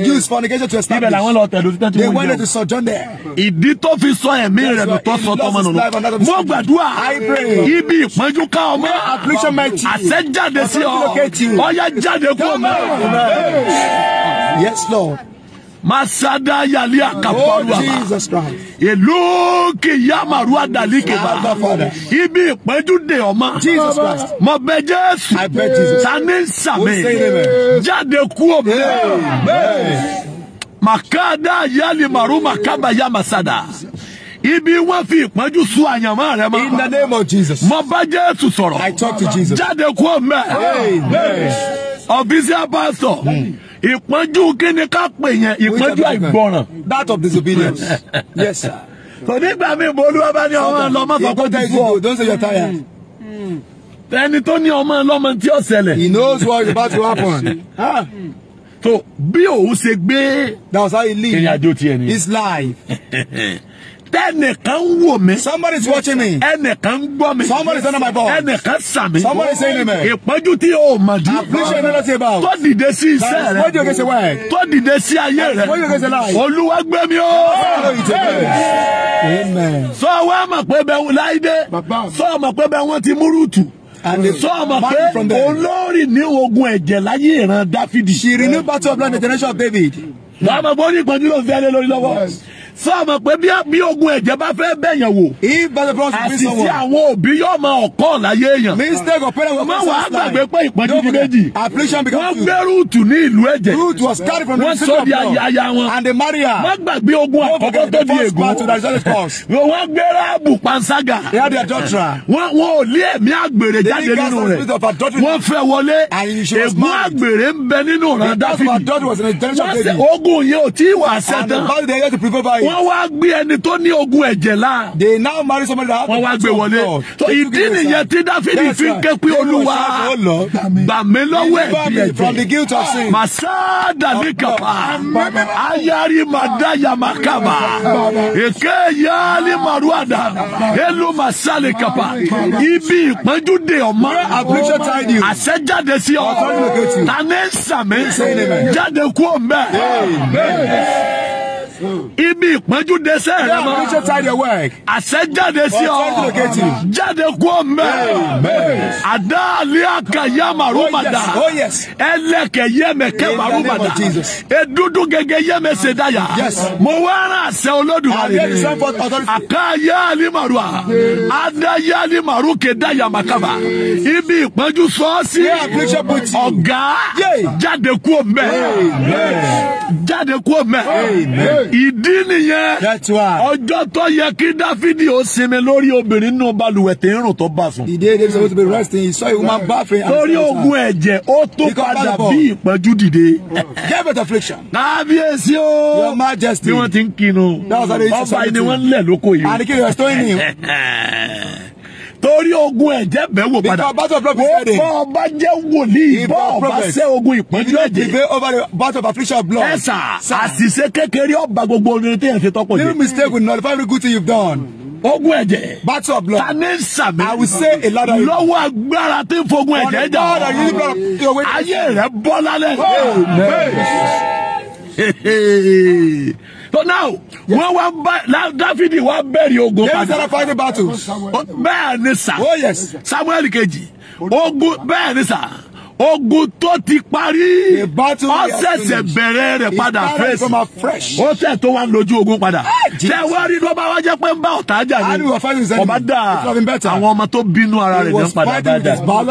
ibẹ̀ làwọn lọ tẹ̀dó títí tí wọ́n jẹ́ ìdí tó fi sọ ẹ̀mí rẹ̀ nù tó sọ tọmọ nùnú mo gbàdúrà ibi ìpọ́njú ká ọmọ àṣẹ jáde sí ọ ọyá jáde kú ọmọ. Yes, Lord. Masada yali akaparuwa. Ìlú kìyàmàrú àdàlíkè bá. Ibi ìpẹ́jú dè ọmọ. Mo bẹ Jésù. Sani ń sàmì. Jáde kú òbí. Màkàdá yali màrú màkàbà yá màsàdà ibi wọn fi ìpọ́njú sun àyànmọ́ rẹ mọ́. in the name of Jesus. mo bá Jésù sọ̀rọ̀. I talk to Jesus. jáde kúrò mẹ́ẹ̀. ọ̀bísí abáṣọ ìpọ́njú kí ni ká pè yẹn ìpọ́njú àìgbọràn. that of disobedience yes sir. so nígbà míì bó olúwa bá ní ọmọ ọlọmọ sọ pé ti fọ don't say you're tired. Hmm. ẹni tó ní ọmọ ọlọmọ tí ó ṣẹlẹ̀. he knows what is about to happen. so bí òun ṣe gbé. that was how he live his life. tẹnìkan wò mí. somebody is watching me. ẹnìkan gbọ́ mi. somebody is under my ball. ẹnìkan sà mí. somebody is saying amen. ìpọ́njú tí o mọ̀ jù. affliction no dey about. tó dìde sí iṣẹ́ rẹ. tó dìde sí wẹ̀. tó dìde sí ayé rẹ. tó dìde sí láì. olúwa gbé mi o. sọ wa mọ̀ pé bẹ́ẹ̀ láìdé. sọ mọ̀ pé bẹ́ẹ̀ wọ́n ti múrùtù sọ ma pé olórí ní ogun ẹ̀jẹ̀ láyé ìran dáfídì. she renewed battle of blood in the generation of david. wàá ma gbọ́ ní ìpọ́njú ló ń fi ẹlẹ́ lórí lọ́wọ́ sọ àmọ̀ pé bí ogun ẹ̀jẹ̀ bá fẹ́ bẹ̀yàn wò. if by the cross you bring someone. àṣìṣe àwọn òbí yóò máa ọ̀kọ́ láyé èèyàn. mistake of parents will cause life. máa wàá gbàgbé pé ìpọ́njú ní méjì. affliction because you. wọ́n gbé rúùtù ní ìlú ẹ̀jẹ̀. root was carried from the city of Lord. wọ́n sọ di aya wọn. and they marry her. má gbàgbé ogun àkọ́kọ́ tó di ègún. don't forget the first part of the result cause. wọ́n gbé ráàbù panṣágà. they had their daughter. wọ́n ò lé ẹ̀mí àgbèrè jáde nínú rẹ̀. wọ́n fẹ́ wọlé. ègún àgbèrè ń bẹ nínú rẹ̀ dáfídì. ogun yẹn ò tí ì wà sẹ́tàn. and the body they had to prevail by wọ́n wá gbé ẹni tó ní ogun ẹ̀jẹ̀ la. they now marry somebody that have the power of God. so ìdí nìyẹn tí dáfídì fi ń ké pé olúwa oh gbà mí lọ́wọ́ ẹ̀jẹ̀ màsá dàní kàpá ayárí màdá yamakaba èké yáálí màrúwàdà èlò màsá lè kàpá ibi ìpọ́njú de ọmọ àṣẹjáde sí ọ tani sàmì jáde kú ọmọ bẹ́ẹ̀ ibi ìpọ́njú dẹsẹ̀ rẹ mọ́ àṣẹjáde sí ọ jáde kú ọmọ àdá alẹ́ àkàyà màrúmàdà oh, oh, ẹlẹ́kẹ̀ yẹ́mẹ̀kẹ́ màrúmàdà edudu gẹ́gẹ́ yẹ́mẹ̀sẹ̀ dáyà mo wá rán àṣẹ olódùmarè àkàyà alẹ́ màrúà àdá yẹ́ alẹ́ màrú kẹ́dá yàmàkàbà ibi ìpọ́njú sọ́ọ́sì ọ̀gá jáde kú ọmọ jáde kúrò mẹ́. ìdí nìyẹn ọjọ́ tó yẹ kí dáfídì ó sinmi lórí obìnrin nínú balùwẹ̀ tí ń rùn tó bá sùn. ìdí èdè sọ wọ́n ti bẹ̀rẹ̀ resting he saw a woman torí ogun ẹ̀jẹ̀ ó tó padà bí ìpọ́njú dìde. debit affliction. kábíyèsí o. your majesty. bí wọ́n ti ń kinu. ọba ni wọ́n ń lẹ̀ lóko yìí. àdìkì rẹ̀ stóyìn ni orí ogun ẹ̀jẹ̀ bẹ̀ wò padà bọ́ ọba jẹ́ wòlíì bọ́ ọba ṣẹ́ ogun ìpọ́njú ẹ̀jẹ̀ ẹ̀sà àṣìṣe kékeré ọba gbogbo orin tí ẹ̀ fi tọ́pọ̀ jẹ́. little mistake with not every good thing you've done ogun ẹ̀jẹ̀. battle of blood. tani sàmì. i will say a lot of. lọ́wọ́ agbára tí fogun ẹ̀jẹ̀ jà. ayé rẹ̀ bọ́ lálẹ́. But now wọ́n wá bá dáfídì wá bẹ̀rẹ̀ ogun padà. there is another fighting battle. bẹ́ẹ̀ ni sà oh, Samuel kejì ogun bẹ́ẹ̀ ni sà ogun tó ti parí ó ṣẹ̀ṣẹ̀ bẹ̀rẹ̀ rẹ̀ padà fresh ó tẹ̀ tó wá lójú ogun padà ah, tẹ̀ wá rí ló bá wá jẹ́ pé ń bá ọ̀tá jà ni ọba dà àwọn ọmọ tó bínú ara rẹ̀ náà padà dáadáa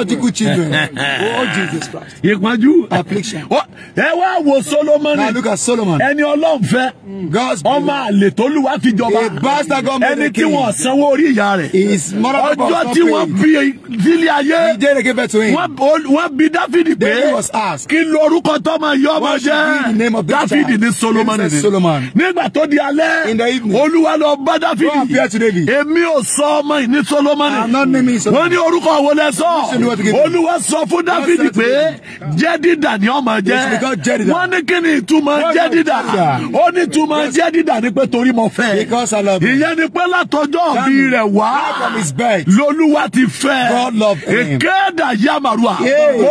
oh, ìpọ́njú ẹ wá wo Solomoni ẹni Ọlọ́run fẹ́ mm. ọmọ àlè tó lù wá fi jọba ẹni tí wọ́n sanwó orí ìyá rẹ̀ ọjọ́ tí wọ́n bí sílé ayé wọ́n bí dáfídì pé kí lorúkọ tó máa yọ ọmọ jẹ́ dáfídì ní solomoni nígbà tó di alẹ́ olúwa lọ bá dáfídì èmi ò sọ ọmọ yìí ní solomoni wọ́n ní orúkọ wo lẹ sọ olúwa sọ fún dáfídì pé jẹ́dídà ni ọmọ jẹ́ wọ́n ní kí ni ìtumọ̀ jẹ́dídà ó ní ìtumọ̀ jẹ́dídà ni pé torí mo fẹ́ ìyẹn ni pé látọjọ́ bí rẹ̀ wá lolúwa ti fẹ́ èkéèdà yamaruwa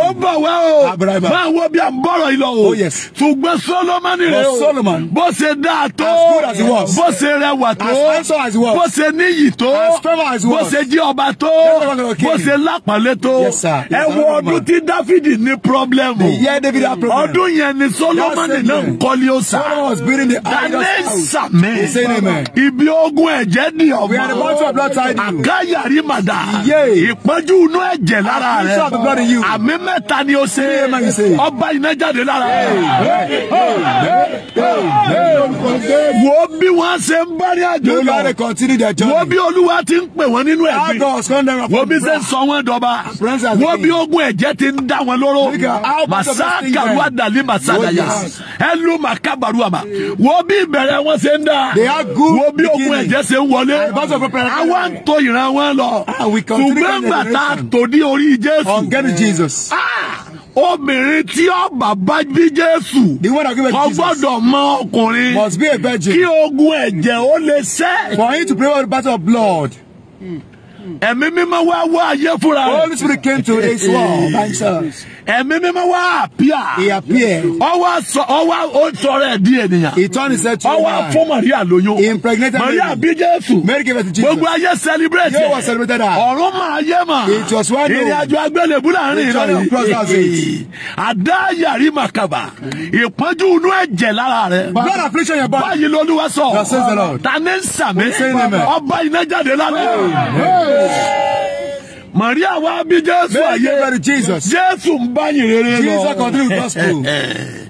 ó bọ̀ wá o máa wo bí a ń bọ̀rọ̀ yìí lọ o ṣùgbọ́n oh, Solomoni rẹ o bó ṣe dáa tó bó ṣe rẹwà tó bó ṣe níyì tó bó ṣe jí ọba tó bó ṣe lápàlẹ́ tó ẹ wo ọdún tí Dáfídì ní pírọ́blẹ́mù ọdún yẹn ni Solomoni náà ń kọ́lé ó sá dalẹ́ sàmẹ́ ibi ogun ẹ̀jẹ̀ ni ọmọ àkáyàrí màdà ìpọ́njú inú ẹ̀jẹ̀ lára rẹ àmì mẹ́ta ta ni ó ṣe ọba iná jáde lára wo bí wọ́n ṣe ń bá ní àjò lọ wo bí olúwa ti ń pè wọ́n nínú ẹ̀gbin wo bí ṣe ń sọ wọ́n dọba wo bí ogun ẹ̀jẹ̀ ti ń dá wọn lóró masaka wadali masadaya ẹlu makabaru ama wo bí ìbẹ̀rẹ̀ wọn ṣe ń dá wo bí ogun ẹ̀jẹ̀ ṣe ń wọlé àwa ń tò ìran wọn lọ ah, ṣùgbọ́n gbàtà tòdí orí Jésù obìnrin tí ọba bá bí jésù kò mọ ọkùnrin kí ogun ẹ̀jẹ̀ ó lè ṣẹ́. for him to pray for the battle of blood. ẹ̀mí mímọ́ wá wá ayé fúnra rẹ̀. holy spirit came to his world ẹ̀mí mímọ́ wá àpíà ọwọ́ sọ̀rọ̀ ẹ̀ di ènìyàn ọwọ́ fún Maria lóyún Maria bí Jésù gbogbo ayé celebrate ọ̀run máa yé mà ìrìn àjò agbélébú láàrin ìrọ̀lẹ́ yìí àdá yàrí màkàbà ìpọ́njú inú ẹ̀jẹ̀ lára rẹ̀ báyìí lolúwa sọ ta ni sàmì ọba iná jáde lálẹ́. Maria wá bí Jésù ayé. Mary Mary Jesus. Jésù ń bá yìn rere lọ. Jesus continue gospel.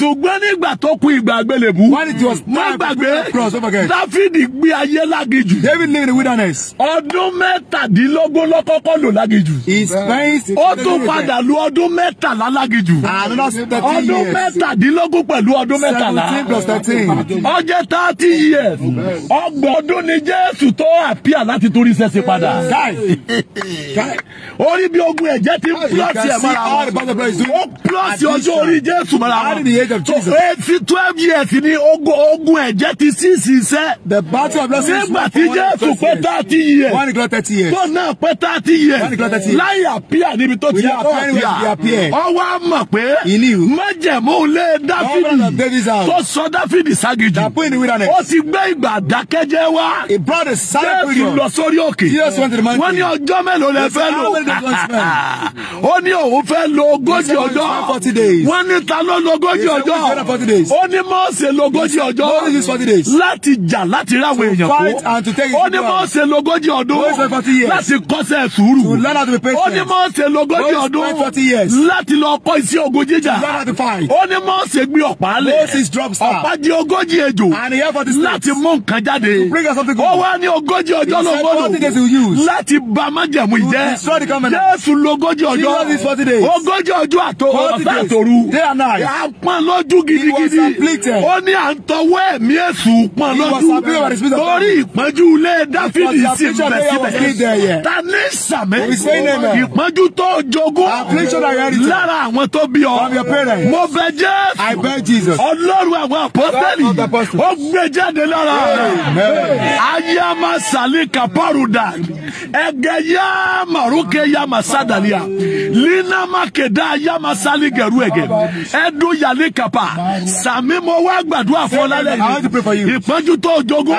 ṣùgbọ́n nígbà tó kun ìgbà àgbélébù má gbàgbé dáfídì gbé ayé lágijù. David lived in the wilderness. ọdún mẹ́tàdínlógún ló kọ́kọ́ lò lágijù. he spent. ó tún padà lu ọdún mẹ́tàlá lágijù. another thirteen years. ọdún mẹ́tàdínlógún pẹ̀lú ọdún mẹ́tàlá. seventeen plus thirteen. ó thirty years. ọgbọ̀n ọdún ni Jésù tó àpíà láti torí sẹ́sẹ̀ padà. orí bí ogun ẹ̀jẹ̀ ti ń plọ̀tì ẹ̀ mọ́ra wọn. ó plọ̀tì ọjọ́ orí Jésù mọ́ra wọn the age of Jesus. eighty twelve years ni ogun ogun ẹ̀jẹ̀ ti sí ìsinsẹ́. the battle of blessings is not for one hundred thirty years. nígbà tí Jésù pé thirty years. one hundred thirty years. tó náà pé thirty years. one hundred thirty years. láyé àpíà níbi tó ti àpíà. ọwọ́ a mọ̀ pé. ìlú. májẹ̀mú lé Dáfídì. tó sọ Dáfídì ságijù. that point in the wilderness. ó ti gbé ìgbà dákẹ́jẹ́ wá. he brought a silent prison. Jésù lọ sórí òkè. Jesus went to the mountain. wọ́n ní ọjọ́ mélòó lẹ fẹ́ lò. ó ní òun fẹ́ lo ogójì ọjọ́. wọ́n ní ta ló lo ogójì ogójì ọjọ́ ó ní Mósè lógójì ọjọ́ láti jà láti ráwọ̀ èèyàn kó ó ní Mósè lógójì ọdún láti kọ́ṣẹ́ sùúrù ó ní Mósè lógójì ọdún láti lọ kọ́ iṣẹ́ ogun jíjà ó ní Mósè gbé ọ̀pá lẹ̀ ọ̀pá di ogójì ejò láti mú nǹkan jáde ó wá ní ogójì ọjọ́ lọ́gbọ́dọ̀ láti bá májẹ̀mú ìjẹ́ Jésù lógójì ọjọ́ ogójì ọjọ́ àtòru àpá pọ́n lójú gidigidi. ó ní à ń tọwọ́ ẹ̀mí èṣù pọ́n lójú. torí ìpọ́njú ilé dáfídì sí ìbẹ̀síbẹ̀. ta ní sàmì ìpọ́njú tó jogún lára àwọn tó bí ọ. mo bẹ Jésù ọlọ́run àwọn àpọ́tẹ́lì ó gbé jáde lára rẹ̀. ayama sali kaparuda ẹgẹ ya maruke yama sadalia lina makeda yama sali gẹrú ẹgẹ ẹdun ya ali kapa sàmì mo wá gbàdúrà fún ọ lálẹ́ yìí ìpọ́njú tó jogún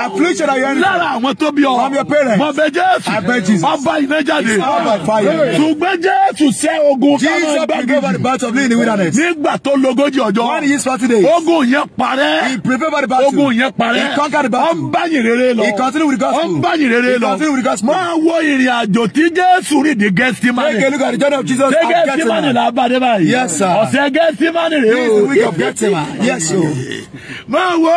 lára àwọn tó bí ọ mo bẹ̀ Jésù ọba iná jáde ṣùgbọ́n Jésù ṣẹ́ ogun kánú gbàgede nígbà tó lógójì ọjọ́ ogun yẹn parẹ́ ogun yẹn parẹ́ ọ ń bá yìn rere lọ ọ ń bá yìn rere lọ máa wo ìrìn àjò tí Jésù rìn ní Gẹ́símánì Gẹ́símánì làbàdé báyìí ọ̀sẹ̀ Gẹ́símánì rèé o the week of getting yes o. Oh. máa wo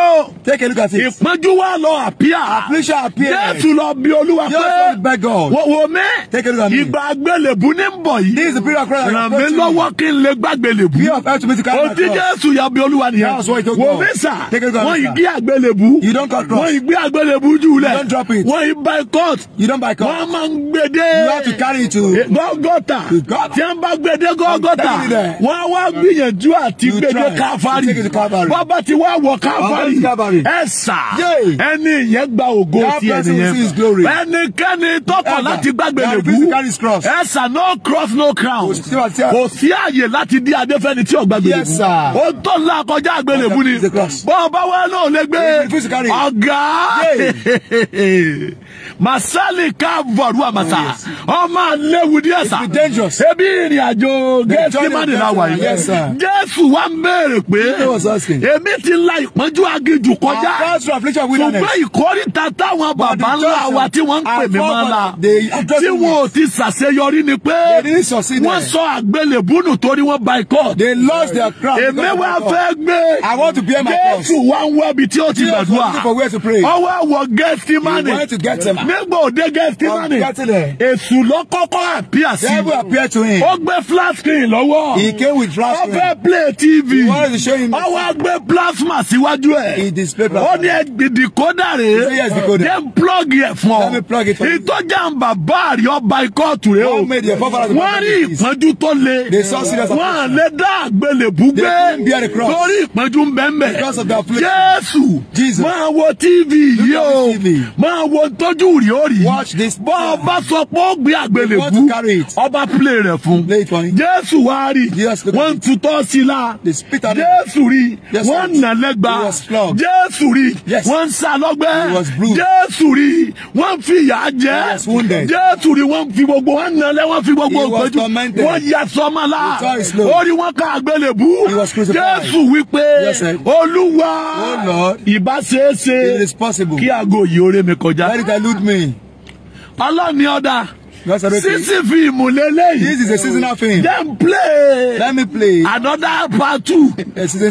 ìpọ́njú wa lọ àpíà jésù lọ bí olúwa pé wo mi ìgbà àgbélébù ní bọ̀ yìí ràn mí lọ́wọ́ kí n lè gbàgbélébù o ti jésù ya bí olúwa nìyẹn wo mi sà wọ́n yìí gbé àgbélébù wọ́n yìí gbé àgbélébù jù lẹ̀ wọ́n yìí buy court wọ́n máa ń gbèdé gọ́gọ́ta tí wọ́n bá gbèdé gọ́gọ́ta wọ́n á wá gbìyànjú àti gbèdé dé Calvary bàbá ti wá wọ Calvary ẹ sà ẹni ìyẹn gba ògo ti ẹnìyẹn ẹnikẹ́ni tọkọ̀ láti gbàgbélébùú ẹ sà no cross no crown kò sí àyè láti dí adé fẹ́ni tí ò gbàgbélébùú o tó ńlá kọjá àgbélébùú ni bọ́ọ̀ bá wà náà lè gbé ọ̀gá. masali káàbọ̀rù àmàsà oh, ọmọ aléwudí ẹ̀sà ebi ìrìn àjò gẹ̀ẹ́sì mánìlá wà yìí jésù wa ń béèrè pé èmi ti la ìpọ́njú aginjù kọjá ṣùgbọ́n ìkórìtà táwọn bàbá ńlá wa tí wọ́n ń pè mí máa la tí wọn ò ti ṣàṣeyọrí ni pé wọ́n sọ àgbélébùnù torí wọ́n boycott èmi wá fẹ́ gbé jésù wa ń wẹ́bi tí ó ti gbàdúrà ọwọ́ àwọ̀ gẹ̀ẹ́sì mánì nígbà òde gẹ́sì mani èṣù ló kọ́kọ́ àpíà sí i ó gbé flat screen lọ́wọ́ ó fẹ́ play tv ó wá gbé plasma síwájú ẹ̀ ó ní ẹgbẹ̀dì kódà rè decoder. dé plug yẹ fún ọ ìtọ́jà ń bàbá rí ọba ikọ́ tù rẹ o wọ́n rí ìpọ́njú tó le wọ́n à lè dá àgbélébú gbé torí ìpọ́njú ń bẹ́ẹ̀ mẹ́ Jésù máa wo tv yìí o máa tó rí ó rí bọ́ ọba sọ pé ó gbé àgbélébú ọba play rẹ̀ fún jésù wá rí wọ́n ń tutọ́ sí i la jésù rí wọ́n ń nà lẹ́gba jésù rí wọ́n ń sá lọ́gbẹ́ jésù rí wọ́n ń fi ìyà jẹ jésù rí wọ́n ń fi gbogbo wọ́n ń nà lẹ́ wọ́n fi gbogbo ògbẹ́jú wọ́n yà sọ́mọ́ la ó rí wọ́n ká àgbélébú jésù wípé olúwa oh, ìbáṣeéṣe kí aago yìí ó ré mi kọjá me. Allah ni ọ̀dà ccv ìmùlélẹ́yìn this is a seasonal thing then play let me play another part two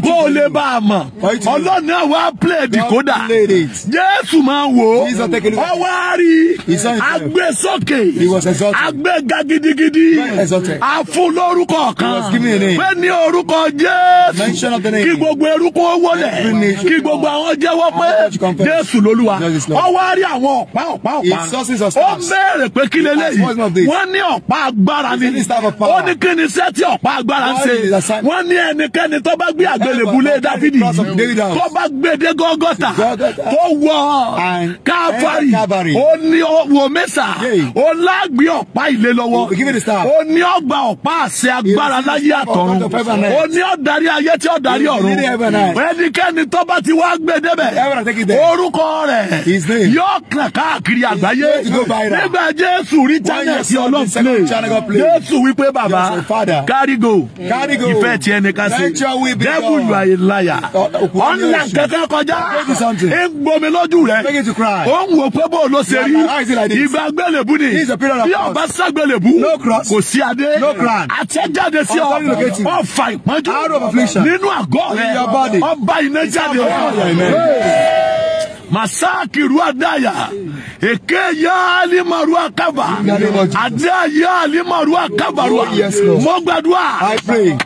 kó o lè bá a mọ̀ ọlọ́run náà wá play decoder jésù máa wò ó ọwọ́ àárí agbésókè agbéga gidigidi àfún lórúkọ kan pé ní orúkọ jésù kí gbogbo erúkọ wọlé kí gbogbo àwọn jẹ́wọ́ pé jésù lolúwa ọwọ́ àárí àwọn ọ̀pá ọ̀pá ọ̀pá ó bẹ̀rẹ̀ pé kí lélẹ́yìn wọ́n ní ọ̀pá agbára ni ó ní kí ni iṣẹ́ tí ọ̀pá agbára ń ṣe wọ́n ní ẹnikẹ́ni tó bá gbé àgbélébù lé Dáfídì yìí tó bá gbé dé Gọ́gọ́tà tó wọ Kávárì ó ní wò mẹ́sà ó lágbé ọ̀pá ìlé lọ́wọ́ ó ní ọgbà ọ̀pá àṣẹ agbára láyé àtọ̀run ó ní ọ̀darí ayé tí ọ̀darí ọ̀run ẹnikẹ́ni tó bá ti wá gbé débẹ̀ orúkọ rẹ̀ yóò kàn káàkiri àgbáyé nígbà Jésù ta channel tí ọlọ́run play jésù wípé Baba. carry go ìfẹ́ tiẹ̀ ní ká sí devil you are a liar ọ̀nà kankan kọjá ń gbomi lójú rẹ̀ ó ń wò pé bó ló ṣe rí ìgbà gbẹ̀lẹ̀bù ni bí ọba ságbẹ̀lẹ̀bù kò sí adé àtẹ̀jáde sí ọ ọ̀fà ìpọ́njú nínú àgọ́ rẹ̀ ọba iná jáde masakiru adaya oh, eke ya alimaru akaba adaya ya alimaru akabarua mo gbàdúrà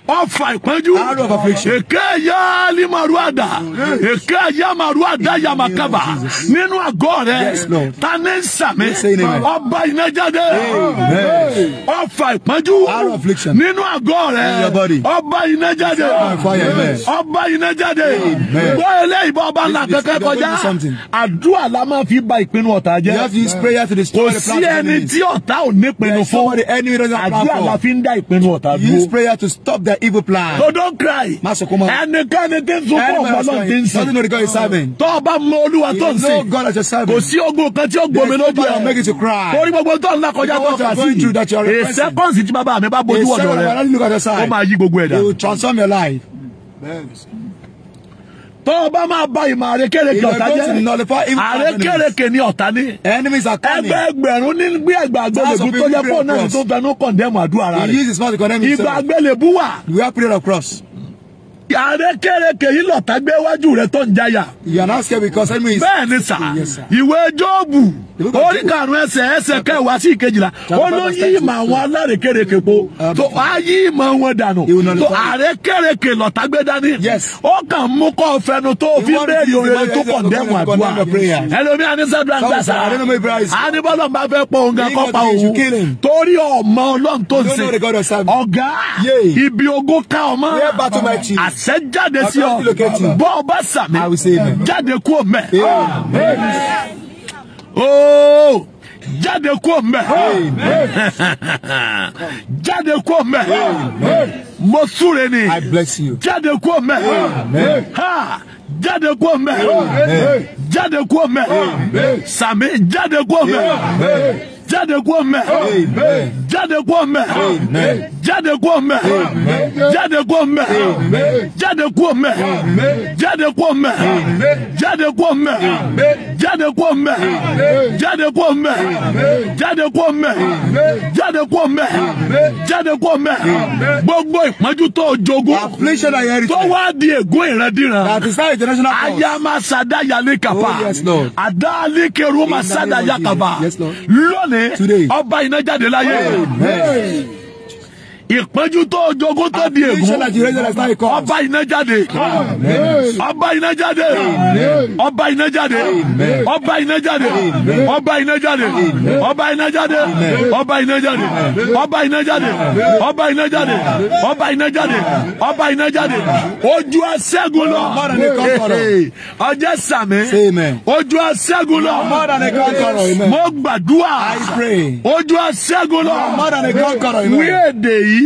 ọfà ìpẹ́jù eke ya alimaru ada eke ya maru adaya makaba nínú àgọ́ rẹ tani sàmì ọba ìnájáde ọfà ìpẹ́jù nínú àgọ́ rẹ ọba ìnájáde ọba ìnájáde bọ́ eléyìí bọ́ ọba ńlá kẹ́kẹ́ kọjá reason. àdúrà la máa fi bà ìpinnu ọ̀tá jẹ́. you have to use prayer to destroy the plan of the enemy. kò sí ẹni tí ọ̀tá ò ní pinnu fún. the enemy doesn't that plan for. àdúrà la fi ń dá ìpinnu ọ̀tá dúró. use prayer to stop their evil plan. so don't cry. má sọkún mọ́. ẹnikẹ́ni tí ń sunkún ọ̀pọ̀ náà ti ń sìn. doesn't know the God is serving. tó o bá mọ olúwa tó ń sìn. you know God as your servant. kò sí ogun kan tí ó gbòmí lójú ẹ. make it to cry. torí gbogbo tó ń lakọjá tó kà sí tó o bá máa ba ìmọ̀ àrékèrèké ọ̀tá jẹ́ àrékèrèké ni ọ̀tá ní. ẹgbẹ́ ẹgbẹ̀rún ní gbé ẹgbẹ́ àgbélébú tó jẹ́ fóònù náà tó fẹnu kọ̀ndẹ́mù àdúrà rẹ̀ ìgbà àgbélébú wà. we are prayer of cross àrékèrèkè yìí lọ̀tá gbé wájú rẹ̀ tó ń jayà. you are not scared because enemy is. bẹ́ẹ̀ ni sà ìwé Jóòbù orí karùn-ún ẹsẹ̀ ẹsẹ̀ kẹwàá sí ìkejìlá ó ló yí ìmọ̀ àwọn alárèkèrèkè po tó á yí ìmọ̀ wọn dànù tó àrékèrèkè lọ́tà dání ó kàn mú kọ́ fẹnu tó fi béèrè oore tó kọ̀ dẹ́mu àdúrà ẹlòmí anisẹ́dúrà ń gbàsá anibọ́lọ́ bá fẹ́ pọ̀ òun gan kọ́ pa òun torí ọmọ ọlọ́run tó ń ṣe ọ̀gá ibi ogún ká ọmọ àṣẹ jáde sí ọ bọ́ọ̀ bá sàmì jáde kú ọmọ ẹ. Oh, jáde kó mbẹ jáde kó mbẹ mo súre ni jáde kó mbẹ ha jáde kó mbẹ jáde kó mbẹ sàmì jáde kó mbẹ jáde kó mẹ jáde kó mẹ jáde kó mẹ jáde kó mẹ jáde kó mẹ jáde kó mẹ jáde kó mẹ jáde kó mẹ jáde kó mẹ jáde kó mẹ jáde kó mẹ jáde kó mẹ gbogbo ìpọ́njú tó jogún tó wá di ègún ìrandíran ayamasada yalé kapa adalé keru masada yakaba lónìí ọba iná jáde láyé ìpọ́njú tó jogún tó di ègún ọba iná jáde ọba iná jáde ọba iná jáde ọba iná jáde ọba iná jáde ọba iná jáde ọba iná jáde ọba iná jáde ọba iná jáde ọba iná jáde ọba iná jáde ojú aṣẹ́gun lọ ọjọ́ sàmì ojú aṣẹ́gun lọ mo gbàdúrà ojú aṣẹ́gun lọ wíèdè yìí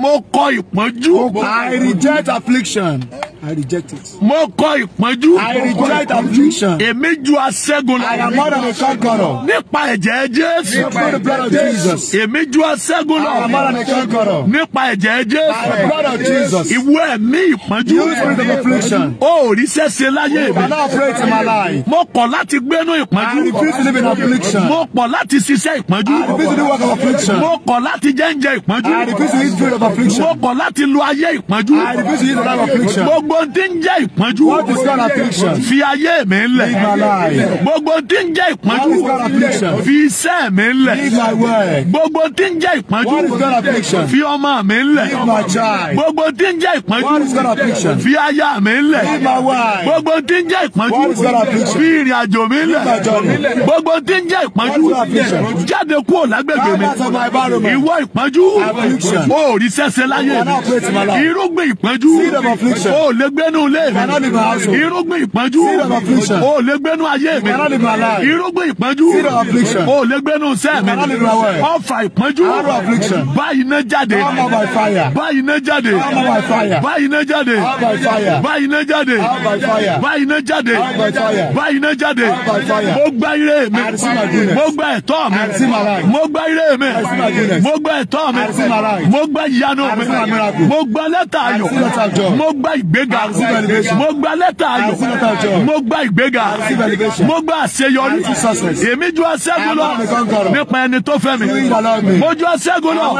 mo kọ ìpọ́njú. I reject affliction. I reject it. Mo kọ ìpọ́njú. I reject affliction. Èmi ju aṣẹ́gun lọ. I am more than a conqueror. Nípa ẹ̀jẹ̀ Jésù. Nípa the blood of Jesus. Èmi ju aṣẹ́gun lọ. I am more than a conqueror. Nípa ẹ̀jẹ̀ Jésù. By the blood of Jesus. Ìwọ ẹ̀mí ìpọ́njú. You spirit of affliction. O ò rí sẹ́sẹ̀ láyé mi. You cannot operate in my life. Mo kọ̀ láti gbénú ìpọ́njú. I refuse to live in affliction. Mo kọ̀ láti ṣiṣẹ́ ìpọ́njú. I refuse to do work of affliction. Mo kọ̀ láti jẹ́ oúnjẹ ìpọ́njú. I refuse to eat food of affliction. Mo kọ̀ láti lo ayé ìpọ́njú. I refuse to eat the affliction gbogbo tí ń jẹ́ ìpọ́njú fi ayé mi lẹ̀ gbogbo tí ń jẹ́ ìpọ́njú fi iṣẹ́ mi lẹ̀ gbogbo tí ń jẹ́ ìpọ́njú fi ọmọ mi lẹ̀ gbogbo tí ń jẹ́ ìpọ́njú fi aya mi lẹ̀ gbogbo tí ń jẹ́ ìpọ́njú fi ìrìn àjò mi lẹ̀ gbogbo tí ń jẹ́ ìpọ́njú jáde kúrò lágbègbè mi ìwọ ìpọ́njú o rí sẹ́sẹ́ láyé mi irúgbìn ìpọ́njú o ò lè gbénu ilé mi irúgbìn ìpọ́njú o lè gbénu ayé mi irúgbìn ìpọ́njú o lè gbénu sẹ́ mi ọfà ìpọ́njú báyìí náà jáde báyìí náà jáde báyìí náà jáde báyìí náà jáde báyìí náà jáde báyìí náà jáde mo gba ire mi mo gba ẹ̀tọ́ mi mo gba ire mi mo gba ẹ̀tọ́ mi mo gba ìyanu mi mo gba lẹ́tà ayọ̀ mo gba ìgbéga ìgbéga mo gba lẹ́tà ayọ̀ mo gba ìgbéga mo gba àṣeyọrí èmi ju aṣẹ́gun lọ nípa ẹni tó fẹ́ mi mo ju aṣẹ́gun lọ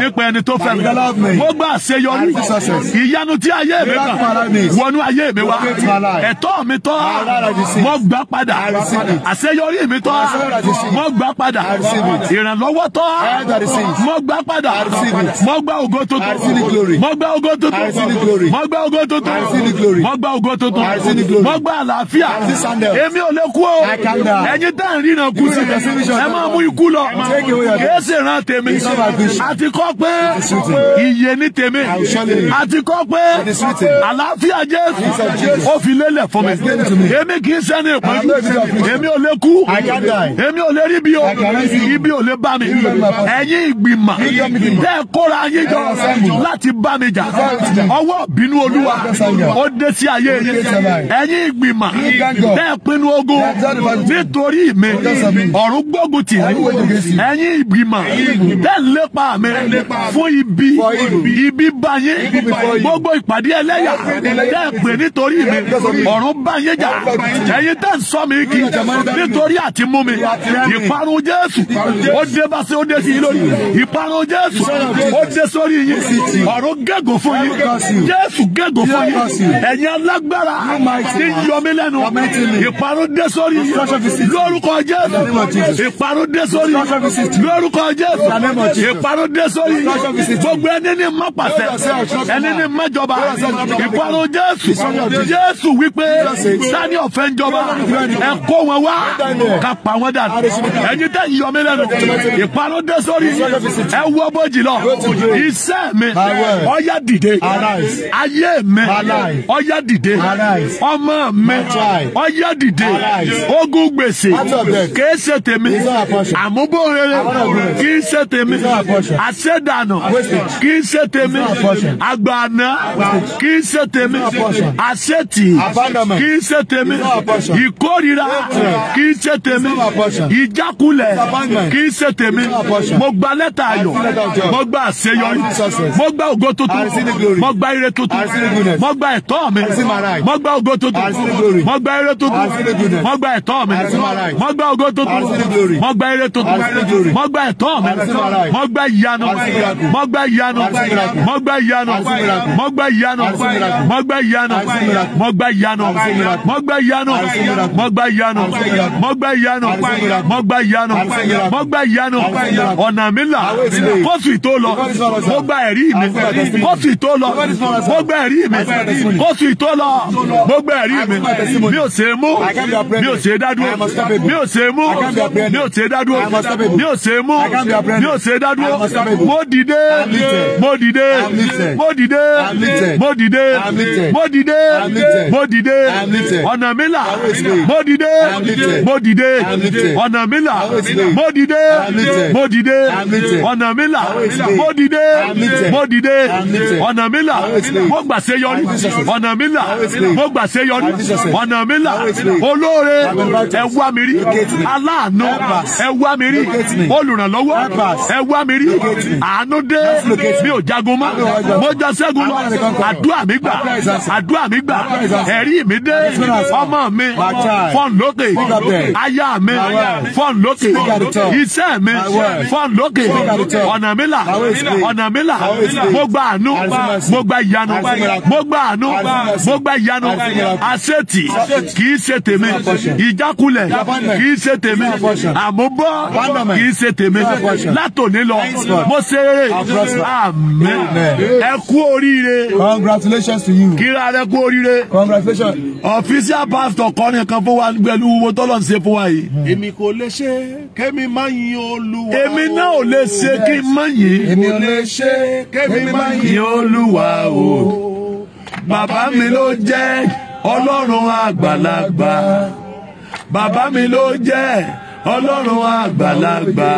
nípa ẹni tó fẹ́ mi mo gba àṣeyọrí ìyanu tí ayé mi kà wọnú ayé mi wá ẹ̀tọ́ mi tọ́ mo gbà padà àṣeyọrí mi tọ́ mo gbà padà ìrànlọ́wọ́ tọ́ mo gbà padà mo gba ògo tuntun mo gba ògo tuntun mo gba ògo tuntun tuntun mo gba ògo tuntun mo gba àlàáfíà èmi ò lè kú o ẹ̀yin tá à ń ríran kú sí ẹ máa mú ikú lọ kìí ṣe ran tèmi àti kọ́ pé ìyè ní tèmi àti kọ́ pé àlàáfíà Jésù ó fi lélẹ̀ fún mi èmi kìí ṣe ní ìpọ́njú èmi ò lè kú èmi ò lè rí bí o ibi ò lè bá mi ẹ̀yin ìgbìmọ̀ tẹ́ ẹ kóra yín jọ láti bá mi jà ọwọ́ bínú Olúwa ọdẹ sí ayé ẹ̀yin ìgbìmọ̀ bẹ́ẹ̀ pinnu ogun nítorí mi ọ̀run gbógun tì í ẹ̀yin ìgbìmọ̀ bẹ́ẹ̀ lépa mi fún ibi ibi báyé gbogbo ìpàdé ẹlẹ́yà bẹ́ẹ̀ pè nítorí mi ọ̀run báyé jà ẹ̀yin tẹ́ ń sọ mi kì nítorí àti mú mi ìparun Jésù ó dé bá sí ó dé sí i lórí ìparun Jésù ó dé sórí yín ọ̀run gégùn fún yín Jésù gégùn fún ẹ̀yin alágbára ní yọmí lẹ́nu ìparun dé sórí lórúkọ Jésù ìparun dé sórí lórúkọ Jésù ìparun dé sórí gbogbo ẹni ní má pàṣẹ ẹni ní má jọba ìparun Jésù Jésù wípé sani ọ̀fẹ́ ń jọba ẹ kó wọn wá ká pa wọn dànù ẹ̀yin tẹ́ yọmí ìparun dé sórí ẹ wọ́ bójì lọ iṣẹ́ mi ọ̀yá dìde ayé mi mi ọ̀yá dìde ọmọ mi ọ̀yá dìde ogún gbèsè kìí ṣe tèmi àmúbòrere kìí ṣe tèmi àṣẹdànù kìí ṣe tèmi àgbàna kìí ṣe tèmi àṣetì kìí ṣe tèmi ìkórira kìí ṣe tèmi ìjákulẹ̀ kìí ṣe tèmi mo gba lẹ́tà ayọ̀ mo gba àṣeyọrí mo gba ògo tuntun mo gba ire tuntun mo gba ẹ̀tọ́ mi mo gba ògo tuntun mo gba ire tuntun mo gba ẹ̀tọ́ mi mo gba ògo tuntun mo gba ire tuntun mo gba ẹ̀tọ́ mi mo gba ìyanu mo gba ìyanu mo gba ìyanu mo gba ìyanu mo gba ìyanu mo gba ìyanu mo gba ìyanu mo gba ìyanu mo gba ìyanu mo gba ìyanu mo gba ìyanu ọ̀nà mi là kófì tó lọ mo gba ẹ̀rí mi kófì tó lọ mo gba ẹ̀rí mi witness kóòtù tó lọ gbogbo ẹ̀rí mi mi ò ṣe mú mi ò ṣe dádúró mi ò ṣe mú mi ò ṣe dádúró mi ò ṣe mú mi ò ṣe dádúró mo dìde mo dìde mo dìde mo dìde mo dìde mo dìde ọ̀nà mi là mo dìde mo dìde ọ̀nà mi là mo dìde mo dìde ọ̀nà mi là mo dìde mo dìde ọ̀nà mi là mo gbà yọrí ọ̀nà mi là mo gbà ṣe yọrí ọ̀nà mi là olóore ẹ wá mi rí aláàánú ẹ wá mi rí olùrànlọ́wọ́ ẹ wá mi rí àánú dé mi ò jagun mọ́ mo já ṣẹ́gun lọ àdúrà mi gbà àdúrà mi gbà ẹ̀rí mi dé ọmọ mi fọ́n lókè aya mi fọ́n lókè iṣẹ́ mi fọ́n lókè ọ̀nà mi ọ̀nà mi mo gba àánú mo gba ìyanu mo gba àánú mo gba ìyanu àṣetì kì í tèmi ìjákulẹ̀ kì í tèmi àmúbọ́ kì í tèmi látòní lọ mo ṣe rere ẹ kú oríire congratulations to you kíra rẹ kú oríire congratulations official pastor kan fún wa pẹ̀lú owó tọ́lọ̀ ń ṣe fún wa yìí. Hmm. èmi kò lè ṣe kémi má yin olúwa. èmi náà ò lè ṣe kí n má yin. èmi ò lè ṣe kémi má yin olúwa o bàbá mi ló jẹ́ ọlọ́run àgbàlagbà bàbá mi ló jẹ́ ọlọ́run àgbàlagbà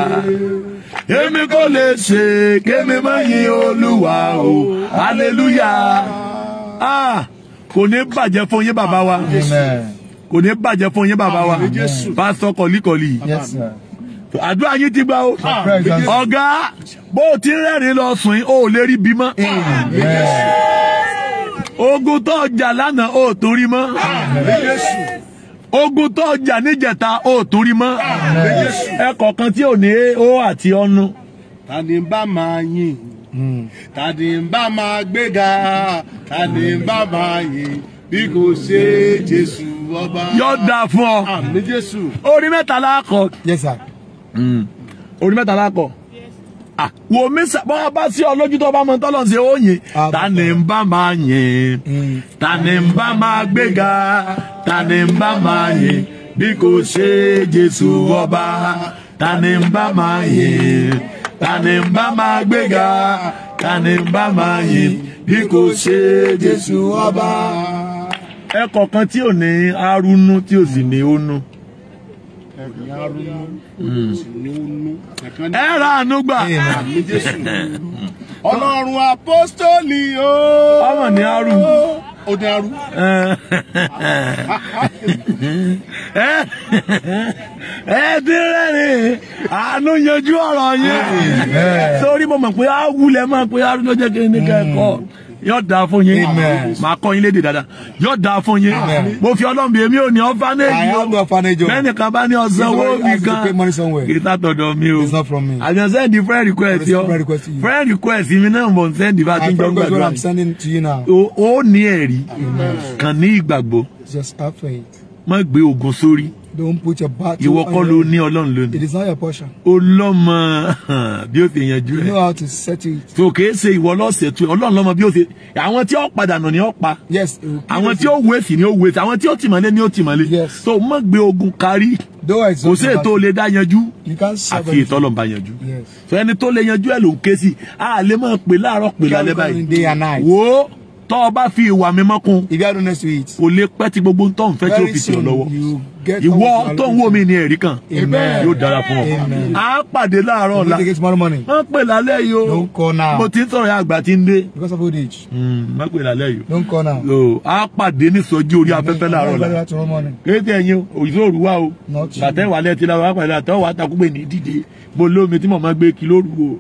èmi kò lè ṣe kémi má yin olúwa o aleluya ah, kò ní bàjẹ́ fún yín bàbá wa kò ní bàjẹ́ fún yín bàbá wa pásítọ̀ kọ̀líkọ̀lí àdúrà yín ti gbà o ah, ọ̀gá bó o ti rẹ́rìn lọ sùn yín o ò lè rí bímọ. ogun tó jà lánàá ò torí mọ́ ogun tó jà níjẹta ò torí mọ́ ẹ kan tí ò ní ó àti ọnu. tani bá máa tani bá máa gbéga tani bá máa bí kò ṣe Jésù ọba. yóò fún ọ orí mẹ́ta Yes hmm. orí mẹ́ta Ah, wo mi sà bọ́ bá sí ọ lójú tó bá mọ tọ́lọ̀ ṣe ó yìn ah, ta ni n bá máa yìn hmm. ta ni n bá máa gbéga ta ni n bá máa yìn bí kò ṣe Jésù ọba ta ni n bá máa yìn ta ni n bá máa gbéga ta ni n bá máa yìn bí kò ṣe Jésù ọba. ẹ kọ̀ọ̀kan tí ò ní arúnú tí ò sì ní ónú. ẹ ra àánú ọlọ́run apọ́stọ́lì o ọmọ ní arú ó ní arú ẹ dínlẹ̀ ni àánú yanjú ọ̀rọ̀ yẹn torí mo mọ̀ pé á wulẹ̀ pé arú jẹ́ kí n ní kẹ́kọ̀ọ́. yóò da fún yín màá kọ́ yín léde dáadáa yóò da fún yín mo fi ọlọ́mọbi èmi ò ní ọ́fánẹ́jì o bẹ́ẹ̀ni kan bá ní ọ̀sán owó mi gan kì í sàtọ̀dọ̀ mi o àbí ọ̀sán ẹ̀dí friend request yọ friend request mi náà mọ̀ ní sẹ́ndì bá ti ń jọ gbàgbọ́ rẹ̀ ó ní ẹ̀rí kàn ní ìgbàgbọ́ má gbé ogun sórí don't put your battle. ìwọ kọ́ ló ní ọlọ́run lónìí. it is not your portion. olọ́mọ bí o fi yanjú ẹ. you know how to set it. so kì í ṣe ìwọ lọ́sẹ̀ tó ọlọ́run lọ́mọ bí o ṣe àwọn tí ó padà nù ni ó pa. yes it will kill you. àwọn tí ó wéèsì ni ó wéèsì àwọn tí ó tìmọ̀lé ni ó tìmọ̀lé. yes so mọ̀ gbé ogun kárí. though it's not your battle. kò sí ètò olè dá yanjú. you can't serve àti ìtọ́lọ́mba yanjú. yes so ẹni tó lè yanjú ẹ̀ ló ń ké sí i. a lè máa pè láàárọ̀ pè lálẹ́ báyìí tọ́ ọ bá fi ìwà mímọ́ kun kò lè pẹ́ tí gbogbo tó ń fẹ́ tí ó fi tì lọ́wọ́ ìwọ tó ń wò mí ní ẹ̀rí kan yóò dára fún ọ á pàdé láàárọ̀ ọ̀la má pè lálẹ́ yìí o mo ti ń sọ̀rọ̀ yà àgbà tí ń dé hmm, má pè lálẹ́ yìí o á pàdé nísọjí orí afẹ́fẹ́ láàárọ̀ ọ̀la kéde ẹ̀yin òyìnbó òrùwà o bàtẹ́wà lẹ́ẹ̀tì láwọn apàdé àtẹ́wà àtàkùnbẹ̀ ní dídé mo lómi tí mo máa gbé kí lóru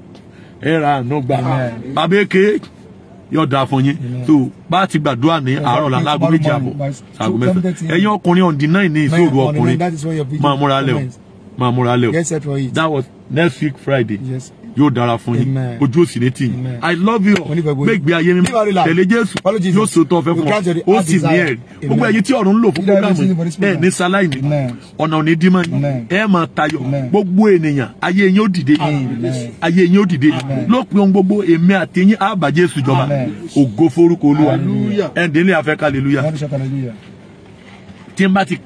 yóò dáa fún yín so bá a ti gbàdúrà ní àárọ̀ la láago méjì àbọ̀ àgọ́ mẹ́fà ẹ̀yin ọkùnrin on the nine ní ìṣòro ọkùnrin máa múra lẹ̀ o máa múra lẹ̀ that was next week Friday. Yes yóò dára fún yín ojú òsì ní tì yín i love you gbẹgbẹ ayé mi tẹ̀lé jésù yóò sòótọ́ ọ̀fẹ́ fún ọ ó sì ní ẹ̀rí gbogbo ẹ̀yin tí ọ̀run ń lò fún programu ẹ̀ ní sáláìní ọ̀nà òní dímọ̀ ẹ̀ máa tayọ̀ gbogbo ènìyàn ayé yín ó dìde ayé yín ó dìde lópin ohun gbogbo èmi àti yín á bá jésù jọba ògo forúkọ olúwa ẹ̀ ń délé afẹ́ hallelujah tí n bá ti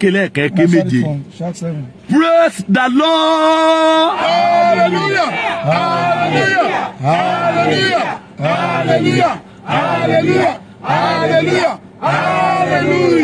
praise the lord hallelujah hallelujah hallelujah hallelujah hallelujah hallelujah hallelujah.